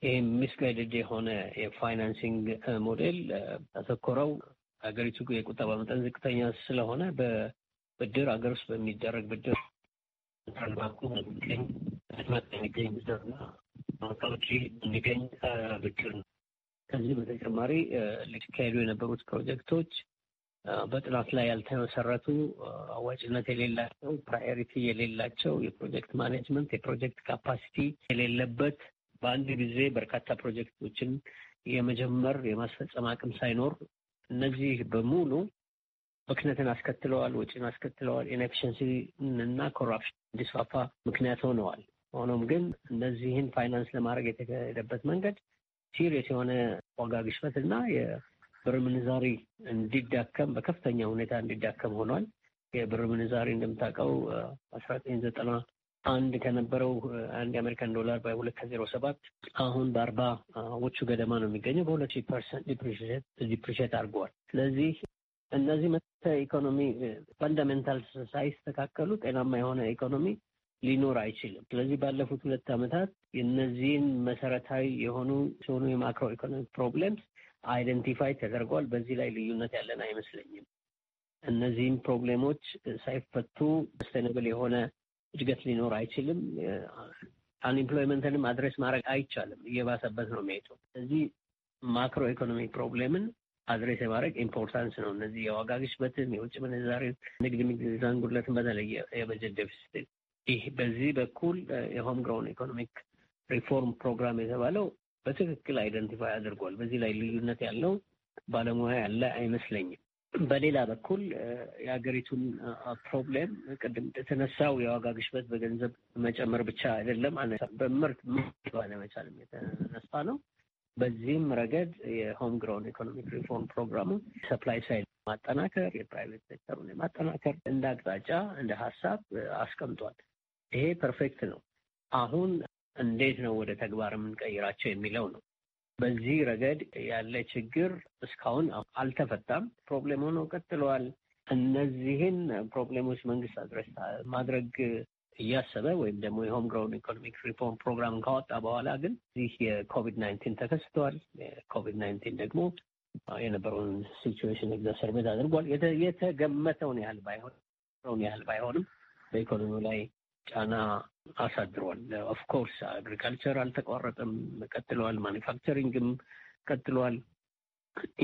[SPEAKER 6] ይህ ሚስጋይድድ የሆነ የፋይናንሲንግ ሞዴል ያተኮረው ሀገሪቱ የቁጠባ መጠን ዝቅተኛ ስለሆነ በብድር ሀገር ውስጥ በሚደረግ ብድር ባንኩ የሚገኝ ብድር ነው። ከዚህ በተጨማሪ ሊካሄዱ የነበሩት ፕሮጀክቶች በጥናት ላይ ያልተመሰረቱ አዋጭነት የሌላቸው ፕራዮሪቲ የሌላቸው የፕሮጀክት ማኔጅመንት የፕሮጀክት ካፓሲቲ የሌለበት በአንድ ጊዜ በርካታ ፕሮጀክቶችን የመጀመር የማስፈጸም አቅም ሳይኖር እነዚህ በሙሉ ብክነትን አስከትለዋል፣ ወጪን አስከትለዋል፣ ኢንኤፊሽንሲ እና ኮራፕሽን እንዲስፋፋ ምክንያት ሆነዋል። ሆኖም ግን እነዚህን ፋይናንስ ለማድረግ የተካሄደበት መንገድ ሲሪየስ የሆነ ዋጋ ግሽበት እና ብር ምንዛሪ እንዲዳከም በከፍተኛ ሁኔታ እንዲዳከም ሆኗል። የብር ምንዛሪ እንደምታውቀው አስራ ዘጠኝ ዘጠና አንድ ከነበረው አንድ የአሜሪካን ዶላር በሁለት ከዜሮ ሰባት አሁን በአርባዎቹ ገደማ ነው የሚገኘው። በሁለት ሺህ ፐርሰንት ዲፕሪሽት አድርገዋል። ስለዚህ እነዚህ መሰረተ ኢኮኖሚ ፈንዳሜንታል ሳይስተካከሉ ጤናማ የሆነ ኢኮኖሚ ሊኖር አይችልም። ስለዚህ ባለፉት ሁለት ዓመታት የእነዚህን መሰረታዊ የሆኑ ሲሆኑ የማክሮ ኢኮኖሚክ ፕሮብሌምስ አይደንቲፋይ ተደርጓል። በዚህ ላይ ልዩነት ያለን አይመስለኝም። እነዚህም ፕሮብሌሞች ሳይፈቱ ሰስተይነብል የሆነ እድገት ሊኖር አይችልም። አንኤምፕሎይመንትንም አድሬስ ማድረግ አይቻልም። እየባሰበት ነው የሚሄደው። ስለዚህ ማክሮ ኢኮኖሚ ፕሮብሌምን አድሬስ የማድረግ ኢምፖርታንስ ነው። እነዚህ የዋጋ ግሽበትን፣ የውጭ ምንዛሬን፣ ንግድ ሚዛን ጉድለትን፣ በተለየ የበጀት ዴፊሲት ይህ በዚህ በኩል የሆም ግሮውን ኢኮኖሚክ ሪፎርም ፕሮግራም የተባለው በትክክል አይደንቲፋይ አድርጓል። በዚህ ላይ ልዩነት ያለው ባለሙያ ያለ አይመስለኝም። በሌላ በኩል የሀገሪቱን ፕሮብሌም ቅድም የተነሳው የዋጋ ግሽበት በገንዘብ መጨመር ብቻ አይደለም፣ በምርት ባለመቻልም የተነሳ ነው። በዚህም ረገድ የሆም ግሮን ኢኮኖሚክ ሪፎርም ፕሮግራሙ ሰፕላይ ሳይድ ማጠናከር፣ የፕራይቬት ሴክተሩን የማጠናከር እንደ አቅጣጫ እንደ ሀሳብ አስቀምጧል። ይሄ ፐርፌክት ነው። አሁን እንዴት ነው ወደ ተግባር የምንቀይራቸው የሚለው ነው። በዚህ ረገድ ያለ ችግር እስካሁን አልተፈታም። ፕሮብሌም ሆኖ ቀጥለዋል። እነዚህን ፕሮብሌሞች መንግስት አድረስ ማድረግ እያሰበ ወይም ደግሞ የሆም ግሮን ኢኮኖሚክ ሪፎርም ፕሮግራም ካወጣ በኋላ ግን ይህ የኮቪድ ናይንቲን ተከስተዋል። የኮቪድ ናይንቲን ደግሞ የነበረውን ሲቹዌሽን ኤግዛሰርቤት አድርጓል። የተገመተውን ያህል ባይሆን ያህል ባይሆንም በኢኮኖሚው ላይ ጫና አሳድሯል። ኦፍኮርስ አግሪካልቸር አልተቋረጠም፣ ቀጥለዋል። ማኒፋክቸሪንግም ቀጥለዋል።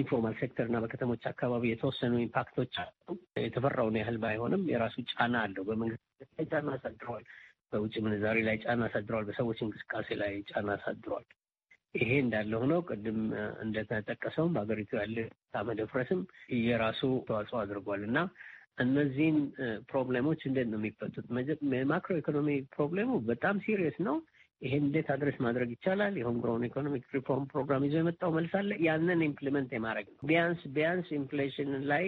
[SPEAKER 6] ኢንፎርማል ሴክተር እና በከተሞች አካባቢ የተወሰኑ ኢምፓክቶች አሉ። የተፈራውን ያህል ባይሆንም የራሱ ጫና አለው። በመንግስት ላይ ጫና አሳድረዋል። በውጭ ምንዛሬ ላይ ጫና አሳድረዋል። በሰዎች እንቅስቃሴ ላይ ጫና አሳድረዋል። ይሄ እንዳለ ሆኖ ቅድም እንደተጠቀሰውም በሀገሪቱ ያለ መደፍረስም የራሱ ተዋጽኦ አድርጓል እና እነዚህን ፕሮብሌሞች እንዴት ነው የሚፈቱት? ማክሮ ኢኮኖሚ ፕሮብሌሙ በጣም ሲሪየስ ነው። ይሄን እንዴት አድረስ ማድረግ ይቻላል? የሆም ግሮን ኢኮኖሚክ ሪፎርም ፕሮግራም ይዞ የመጣው መልስ አለ። ያንን ኢምፕሊመንት የማድረግ ነው። ቢያንስ ቢያንስ ኢንፍሌሽን ላይ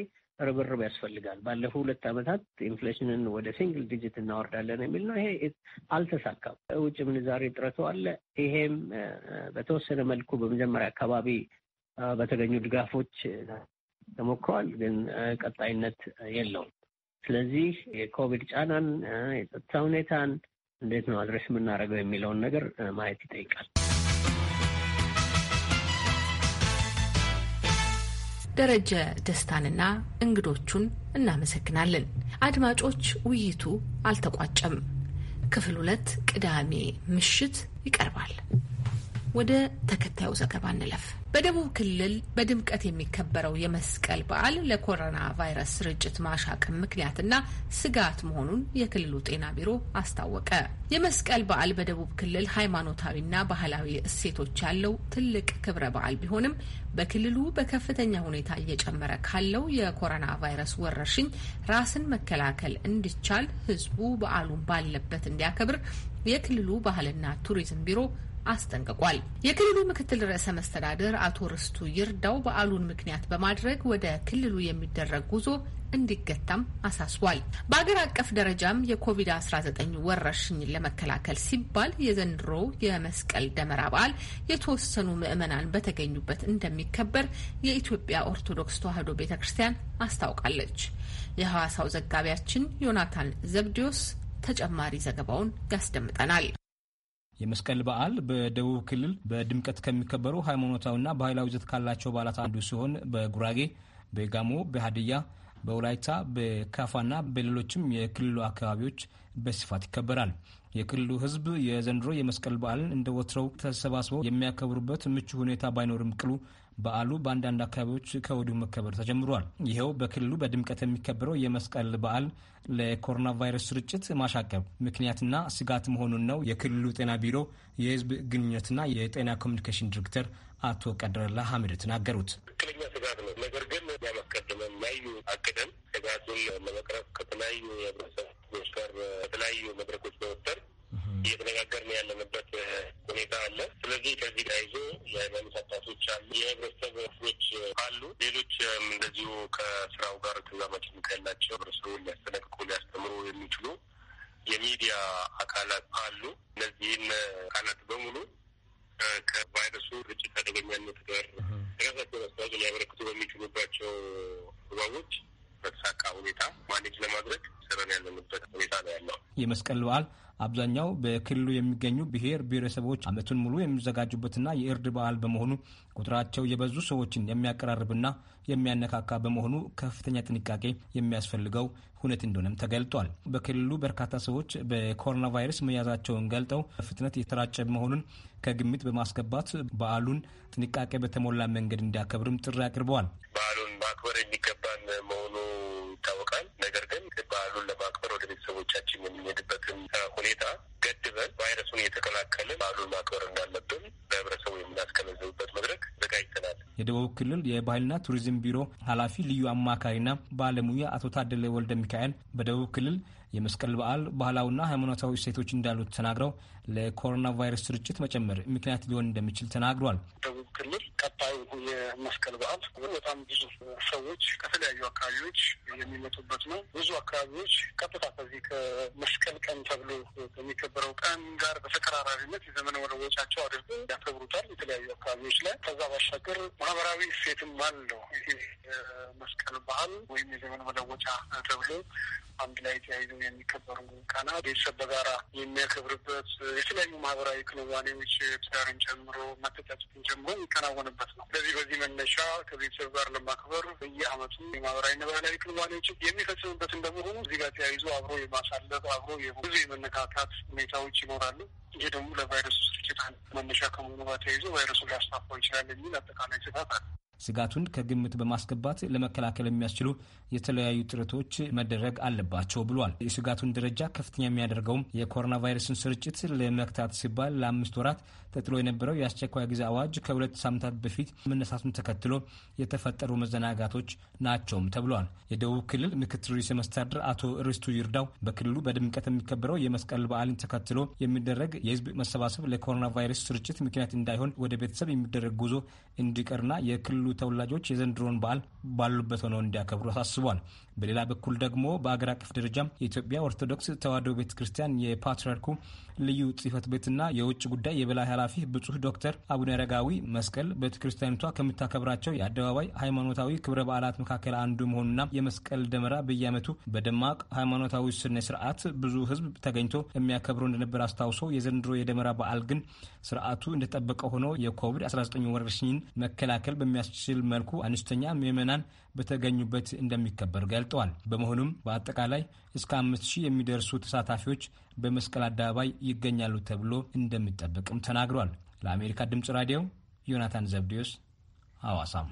[SPEAKER 6] ርብርብ ያስፈልጋል። ባለፉ ሁለት ዓመታት ኢንፍሌሽንን ወደ ሲንግል ዲጂት እናወርዳለን የሚል ነው። ይሄ አልተሳካም። ውጭ ምንዛሬ ጥረቱ አለ። ይሄም በተወሰነ መልኩ በመጀመሪያ አካባቢ በተገኙ ድጋፎች ተሞክሯል፣ ግን ቀጣይነት የለውም። ስለዚህ የኮቪድ ጫናን፣ የጸጥታ ሁኔታን እንዴት ነው አድረስ የምናደርገው የሚለውን ነገር ማየት ይጠይቃል።
[SPEAKER 1] ደረጀ ደስታንና እንግዶቹን እናመሰግናለን። አድማጮች፣ ውይይቱ አልተቋጨም። ክፍል ሁለት ቅዳሜ ምሽት ይቀርባል። ወደ ተከታዩ ዘገባ እንለፍ። በደቡብ ክልል በድምቀት የሚከበረው የመስቀል በዓል ለኮሮና ቫይረስ ስርጭት ማሻቀብ ምክንያትና ስጋት መሆኑን የክልሉ ጤና ቢሮ አስታወቀ። የመስቀል በዓል በደቡብ ክልል ሃይማኖታዊና ባህላዊ እሴቶች ያለው ትልቅ ክብረ በዓል ቢሆንም በክልሉ በከፍተኛ ሁኔታ እየጨመረ ካለው የኮሮና ቫይረስ ወረርሽኝ ራስን መከላከል እንዲቻል ሕዝቡ በዓሉን ባለበት እንዲያከብር የክልሉ ባህልና ቱሪዝም ቢሮ አስጠንቅቋል። የክልሉ ምክትል ርዕሰ መስተዳድር አቶ ርስቱ ይርዳው በዓሉን ምክንያት በማድረግ ወደ ክልሉ የሚደረግ ጉዞ እንዲገታም አሳስቧል። በአገር አቀፍ ደረጃም የኮቪድ-19 ወረርሽኝን ለመከላከል ሲባል የዘንድሮ የመስቀል ደመራ በዓል የተወሰኑ ምዕመናን በተገኙበት እንደሚከበር የኢትዮጵያ ኦርቶዶክስ ተዋሕዶ ቤተ ክርስቲያን አስታውቃለች። የሐዋሳው ዘጋቢያችን ዮናታን ዘብዲዮስ ተጨማሪ ዘገባውን ያስደምጠናል።
[SPEAKER 11] የመስቀል በዓል በደቡብ ክልል በድምቀት ከሚከበሩ ሃይማኖታዊና ባህላዊ ይዘት ካላቸው በዓላት አንዱ ሲሆን በጉራጌ፣ በጋሞ፣ በሀድያ፣ በውላይታ በካፋና በሌሎችም የክልሉ አካባቢዎች በስፋት ይከበራል። የክልሉ ህዝብ የዘንድሮ የመስቀል በዓል እንደ ወትረው ተሰባስበው የሚያከብሩበት ምቹ ሁኔታ ባይኖርም ቅሉ በዓሉ በአንዳንድ አካባቢዎች ከወዲሁ መከበር ተጀምሯል። ይኸው በክልሉ በድምቀት የሚከበረው የመስቀል በዓል ለኮሮና ቫይረስ ስርጭት ማሻቀብ ምክንያትና ስጋት መሆኑን ነው የክልሉ ጤና ቢሮ የህዝብ ግንኙነትና የጤና ኮሚኒኬሽን ዲሬክተር አቶ ቀደረላ ሀምድ ተናገሩት። ትክክለኛ ስጋት ነው። ነገር ግን ያማስቀድመን ያዩ አቅደም ስጋቱን ለመቅረፍ ከተለያዩ የህብረተሰብ ህዝቦች ጋር በተለያዩ መድረኮች በመፍጠር
[SPEAKER 12] እየተነጋገርን ያለንበት ሁኔታ አለ። ስለዚህ ከዚህ ጋር ይዞ የሃይማኖት አባቶች አሉ፣ የህብረተሰብ ክፍሎች አሉ፣ ሌሎች እንደዚሁ ከስራው ጋር ተዛማችነት ያላቸው ህብረተሰቡን ሊያስጠነቅቁ ሊያስተምሩ የሚችሉ የሚዲያ አካላት አሉ። እነዚህን አካላት በሙሉ ከቫይረሱ ርጭት አደገኛነት ጋር የራሳቸውን አስተዋጽኦ ሊያበረክቱ በሚችሉባቸው ህባቦች በተሳካ ሁኔታ ማኔጅ ለማድረግ
[SPEAKER 11] ስረን ያለንበት ሁኔታ ነው ያለው። የመስቀል በዓል አብዛኛው በክልሉ የሚገኙ ብሔር ብሔረሰቦች ዓመቱን ሙሉ የሚዘጋጁበትና የእርድ በዓል በመሆኑ ቁጥራቸው የበዙ ሰዎችን የሚያቀራርብና የሚያነካካ በመሆኑ ከፍተኛ ጥንቃቄ የሚያስፈልገው ሁነት እንደሆነም ተገልጧል። በክልሉ በርካታ ሰዎች በኮሮና ቫይረስ መያዛቸውን ገልጠው ፍጥነት የተራጨ መሆኑን ከግምት በማስገባት በዓሉን ጥንቃቄ በተሞላ መንገድ እንዲያከብርም ጥሪ አቅርበዋል።
[SPEAKER 12] በዓሉን ማክበር የሚገባን መሆኑ የምንሄድበትን ሁኔታ ገድበን ቫይረሱን እየተከላከልን
[SPEAKER 11] በዓሉን ማክበር እንዳለብን ለህብረተሰቡ የምናስገነዝብበት መድረክ ዘጋጅተናል። የደቡብ ክልል የባህልና ቱሪዝም ቢሮ ኃላፊ ልዩ አማካሪና ባለሙያ አቶ ታደለ ወልደ ሚካኤል በደቡብ ክልል የመስቀል በዓል ባህላዊና ሃይማኖታዊ እሴቶች እንዳሉት ተናግረው ለኮሮና ቫይረስ ስርጭት መጨመር ምክንያት ሊሆን እንደሚችል ተናግሯል። ደቡብ ክልል
[SPEAKER 4] መስቀል በዓል በጣም ብዙ ሰዎች ከተለያዩ አካባቢዎች የሚመጡበት ነው። ብዙ አካባቢዎች ቀጥታ ከዚህ ከመስቀል ቀን ተብሎ ከሚከበረው ቀን ጋር በተቀራራቢነት የዘመን መለወጫቸው አድርጎ ያከብሩታል የተለያዩ አካባቢዎች ላይ። ከዛ ባሻገር ማህበራዊ እሴትም አለው። ይህ መስቀል በዓል ወይም የዘመን መለወጫ ተብሎ አንድ ላይ ተያይዘው የሚከበሩ ቀና ቤተሰብ በጋራ የሚያከብርበት የተለያዩ ማህበራዊ ክንዋኔዎች ትዳርን ጨምሮ መተጫጨትን ጨምሮ የሚከናወንበት ነው። ስለዚህ በዚህ መነሻ ከቤተሰብ ጋር ለማክበር በየአመቱ የማህበራዊና ባህላዊ ክንዋኔዎች የሚፈጽምበት እንደመሆኑ እዚህ ጋር ተያይዞ አብሮ የማሳለፍ አብሮ ብዙ የመነካካት ሁኔታዎች ይኖራሉ። ይሄ ደግሞ ለቫይረሱ ስርጭት መነሻ ከመሆኑ ጋር ተያይዞ ቫይረሱ ሊያስፋፋው ይችላል የሚል አጠቃላይ ስጋት
[SPEAKER 11] አለ። ስጋቱን ከግምት በማስገባት ለመከላከል የሚያስችሉ የተለያዩ ጥረቶች መደረግ አለባቸው ብሏል። የስጋቱን ደረጃ ከፍተኛ የሚያደርገውም የኮሮና ቫይረስን ስርጭት ለመክታት ሲባል ለአምስት ወራት ተጥሎ የነበረው የአስቸኳይ ጊዜ አዋጅ ከሁለት ሳምንታት በፊት መነሳቱን ተከትሎ የተፈጠሩ መዘናጋቶች ናቸውም ተብሏል። የደቡብ ክልል ምክትል ርዕሰ መስተዳድር አቶ ርስቱ ይርዳው በክልሉ በድምቀት የሚከበረው የመስቀል በዓልን ተከትሎ የሚደረግ የህዝብ መሰባሰብ ለኮሮና ቫይረስ ስርጭት ምክንያት እንዳይሆን ወደ ቤተሰብ የሚደረግ ጉዞ እንዲቀርና የክልሉ ተወላጆች የዘንድሮን በዓል ባሉበት ሆነው እንዲያከብሩ አሳስቧል። በሌላ በኩል ደግሞ በአገር አቀፍ ደረጃ የኢትዮጵያ ኦርቶዶክስ ተዋሕዶ ቤተ ክርስቲያን የፓትርያርኩ ልዩ ጽህፈት ቤትና የውጭ ጉዳይ የበላይ ኃላፊ ብፁህ ዶክተር አቡነ አረጋዊ መስቀል ቤተ ክርስቲያኒቷ ከምታከብራቸው የአደባባይ ሃይማኖታዊ ክብረ በዓላት መካከል አንዱ መሆኑና የመስቀል ደመራ በየዓመቱ በደማቅ ሃይማኖታዊ ስነ ስርዓት ብዙ ህዝብ ተገኝቶ የሚያከብረው እንደነበር አስታውሶ የዘንድሮ የደመራ በዓል ግን ስርዓቱ እንደጠበቀ ሆኖ የኮቪድ-19 ወረርሽኝን መከላከል በሚያስችል መልኩ አነስተኛ ምዕመናን በተገኙበት እንደሚከበር ገልጠዋል። በመሆኑም በአጠቃላይ እስከ አምስት ሺህ የሚደርሱ ተሳታፊዎች በመስቀል አደባባይ ይገኛሉ ተብሎ እንደሚጠበቅም ተናግሯል። ለአሜሪካ ድምፅ ራዲዮ ዮናታን ዘብዲዮስ አዋሳም።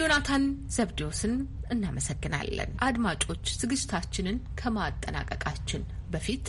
[SPEAKER 1] ዮናታን ዘብዴዎስን እናመሰግናለን። አድማጮች ዝግጅታችንን ከማጠናቀቃችን በፊት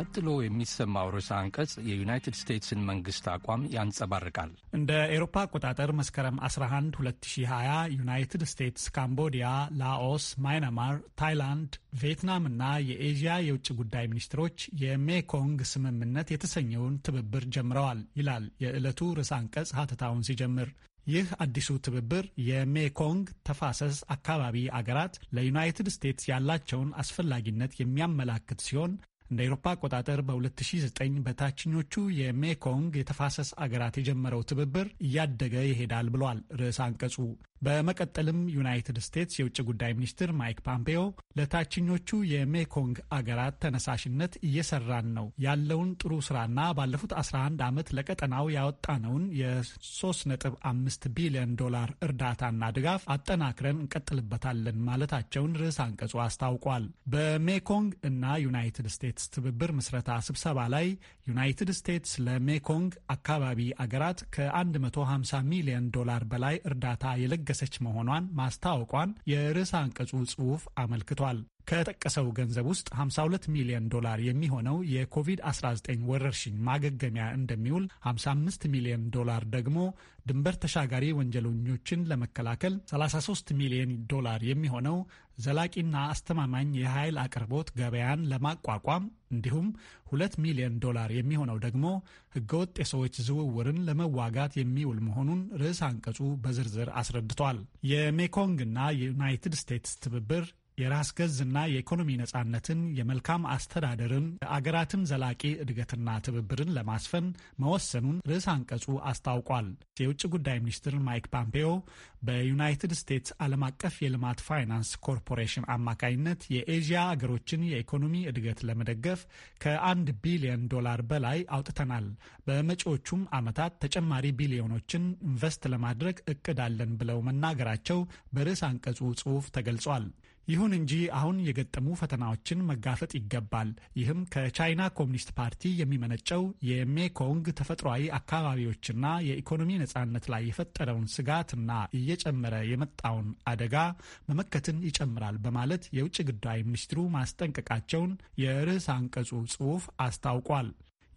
[SPEAKER 10] ቀጥሎ የሚሰማው
[SPEAKER 2] ርዕሰ አንቀጽ የዩናይትድ ስቴትስን መንግስት አቋም ያንጸባርቃል።
[SPEAKER 14] እንደ ኤሮፓ አቆጣጠር መስከረም 11 2020 ዩናይትድ ስቴትስ ካምቦዲያ፣ ላኦስ፣ ማይናማር፣ ታይላንድ፣ ቪየትናም እና የኤዥያ የውጭ ጉዳይ ሚኒስትሮች የሜኮንግ ስምምነት የተሰኘውን ትብብር ጀምረዋል ይላል የዕለቱ ርዕሰ አንቀጽ ሀተታውን ሲጀምር ይህ አዲሱ ትብብር የሜኮንግ ተፋሰስ አካባቢ አገራት ለዩናይትድ ስቴትስ ያላቸውን አስፈላጊነት የሚያመላክት ሲሆን እንደ አውሮፓ አቆጣጠር በ2009 በታችኞቹ የሜኮንግ የተፋሰስ አገራት የጀመረው ትብብር እያደገ ይሄዳል ብሏል ርዕስ አንቀጹ። በመቀጠልም ዩናይትድ ስቴትስ የውጭ ጉዳይ ሚኒስትር ማይክ ፖምፔዮ ለታችኞቹ የሜኮንግ አገራት ተነሳሽነት እየሰራን ነው ያለውን ጥሩ ስራና ባለፉት 11 ዓመት ለቀጠናው ያወጣነውን የ3.5 ቢሊዮን ዶላር እርዳታና ድጋፍ አጠናክረን እንቀጥልበታለን ማለታቸውን ርዕስ አንቀጹ አስታውቋል። በሜኮንግ እና ዩናይትድ ስቴትስ ትብብር ምስረታ ስብሰባ ላይ ዩናይትድ ስቴትስ ለሜኮንግ አካባቢ አገራት ከ150 ሚሊዮን ዶላር በላይ እርዳታ የለገ እየገሰገሰች መሆኗን ማስታወቋን የርዕስ አንቀጹ ጽሑፍ አመልክቷል። ከጠቀሰው ገንዘብ ውስጥ 52 ሚሊዮን ዶላር የሚሆነው የኮቪድ-19 ወረርሽኝ ማገገሚያ እንደሚውል፣ 55 ሚሊዮን ዶላር ደግሞ ድንበር ተሻጋሪ ወንጀለኞችን ለመከላከል፣ 33 ሚሊዮን ዶላር የሚሆነው ዘላቂና አስተማማኝ የኃይል አቅርቦት ገበያን ለማቋቋም እንዲሁም 2 ሚሊዮን ዶላር የሚሆነው ደግሞ ህገወጥ የሰዎች ዝውውርን ለመዋጋት የሚውል መሆኑን ርዕስ አንቀጹ በዝርዝር አስረድቷል። የሜኮንግና የዩናይትድ ስቴትስ ትብብር የራስ ገዝና የኢኮኖሚ ነጻነትን፣ የመልካም አስተዳደርን፣ አገራትን ዘላቂ እድገትና ትብብርን ለማስፈን መወሰኑን ርዕስ አንቀጹ አስታውቋል። የውጭ ጉዳይ ሚኒስትር ማይክ ፓምፔዮ በዩናይትድ ስቴትስ ዓለም አቀፍ የልማት ፋይናንስ ኮርፖሬሽን አማካኝነት የኤዥያ አገሮችን የኢኮኖሚ እድገት ለመደገፍ ከአንድ ቢሊዮን ዶላር በላይ አውጥተናል። በመጪዎቹም ዓመታት ተጨማሪ ቢሊዮኖችን ኢንቨስት ለማድረግ እቅድ አለን ብለው መናገራቸው በርዕስ አንቀጹ ጽሑፍ ተገልጿል። ይሁን እንጂ አሁን የገጠሙ ፈተናዎችን መጋፈጥ ይገባል። ይህም ከቻይና ኮሚኒስት ፓርቲ የሚመነጨው የሜኮንግ ተፈጥሯዊ አካባቢዎችና የኢኮኖሚ ነጻነት ላይ የፈጠረውን ስጋትና እየጨመረ የመጣውን አደጋ መመከትን ይጨምራል በማለት የውጭ ጉዳይ ሚኒስትሩ ማስጠንቀቃቸውን የርዕስ አንቀጹ ጽሑፍ አስታውቋል።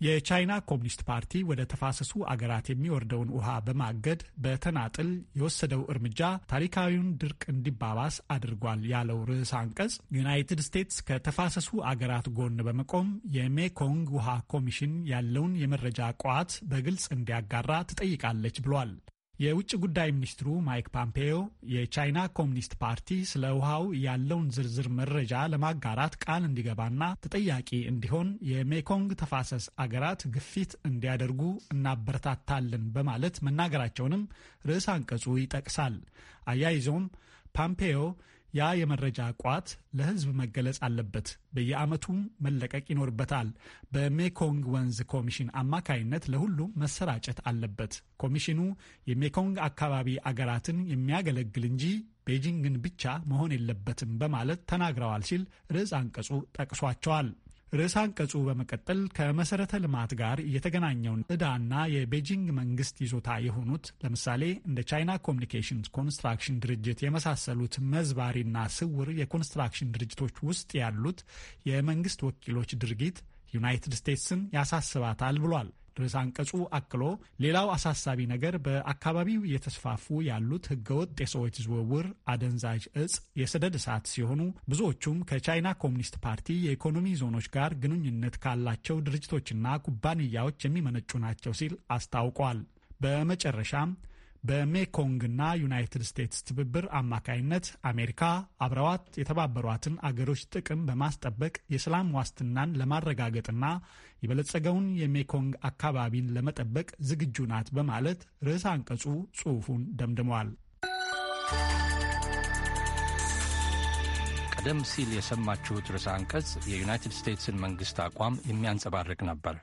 [SPEAKER 14] የቻይና ኮሚኒስት ፓርቲ ወደ ተፋሰሱ አገራት የሚወርደውን ውሃ በማገድ በተናጥል የወሰደው እርምጃ ታሪካዊውን ድርቅ እንዲባባስ አድርጓል ያለው ርዕሰ አንቀጽ ዩናይትድ ስቴትስ ከተፋሰሱ አገራት ጎን በመቆም የሜኮንግ ውሃ ኮሚሽን ያለውን የመረጃ ቋት በግልጽ እንዲያጋራ ትጠይቃለች ብሏል። የውጭ ጉዳይ ሚኒስትሩ ማይክ ፖምፔዮ የቻይና ኮሚኒስት ፓርቲ ስለ ውሃው ያለውን ዝርዝር መረጃ ለማጋራት ቃል እንዲገባና ተጠያቂ እንዲሆን የሜኮንግ ተፋሰስ አገራት ግፊት እንዲያደርጉ እናበረታታለን በማለት መናገራቸውንም ርዕስ አንቀጹ ይጠቅሳል። አያይዞም ፓምፔዮ ያ የመረጃ ቋት ለህዝብ መገለጽ አለበት። በየአመቱም መለቀቅ ይኖርበታል። በሜኮንግ ወንዝ ኮሚሽን አማካይነት ለሁሉም መሰራጨት አለበት። ኮሚሽኑ የሜኮንግ አካባቢ አገራትን የሚያገለግል እንጂ ቤጂንግን ብቻ መሆን የለበትም በማለት ተናግረዋል ሲል ርዕስ አንቀጹ ጠቅሷቸዋል። ርዕሰ አንቀጹ በመቀጠል ከመሰረተ ልማት ጋር የተገናኘውን እዳና የቤጂንግ መንግስት ይዞታ የሆኑት ለምሳሌ እንደ ቻይና ኮሚኒኬሽን ኮንስትራክሽን ድርጅት የመሳሰሉት መዝባሪና ስውር የኮንስትራክሽን ድርጅቶች ውስጥ ያሉት የመንግስት ወኪሎች ድርጊት ዩናይትድ ስቴትስን ያሳስባታል ብሏል። ርዕሰ አንቀጹ አክሎ ሌላው አሳሳቢ ነገር በአካባቢው እየተስፋፉ ያሉት ህገወጥ የሰዎች ዝውውር፣ አደንዛዥ እጽ፣ የሰደድ እሳት ሲሆኑ ብዙዎቹም ከቻይና ኮሚኒስት ፓርቲ የኢኮኖሚ ዞኖች ጋር ግንኙነት ካላቸው ድርጅቶችና ኩባንያዎች የሚመነጩ ናቸው ሲል አስታውቋል። በመጨረሻም በሜኮንግና ዩናይትድ ስቴትስ ትብብር አማካይነት አሜሪካ አብረዋት የተባበሯትን አገሮች ጥቅም በማስጠበቅ የሰላም ዋስትናን ለማረጋገጥና የበለጸገውን የሜኮንግ አካባቢን ለመጠበቅ ዝግጁ ናት በማለት ርዕሰ አንቀጹ ጽሑፉን ደምድመዋል።
[SPEAKER 2] ቀደም ሲል የሰማችሁት ርዕሰ አንቀጽ የዩናይትድ ስቴትስን መንግሥት አቋም የሚያንጸባርቅ ነበር።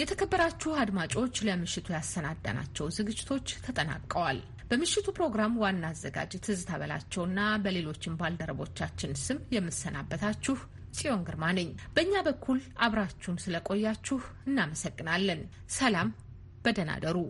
[SPEAKER 1] የተከበራችሁ አድማጮች ለምሽቱ ያሰናዳናቸው ዝግጅቶች ተጠናቀዋል። በምሽቱ ፕሮግራም ዋና አዘጋጅ ትዝታ በላቸውና በሌሎችም ባልደረቦቻችን ስም የምሰናበታችሁ ጽዮን ግርማ ነኝ። በእኛ በኩል አብራችሁን ስለቆያችሁ እናመሰግናለን። ሰላም፣ በደህና ደሩ።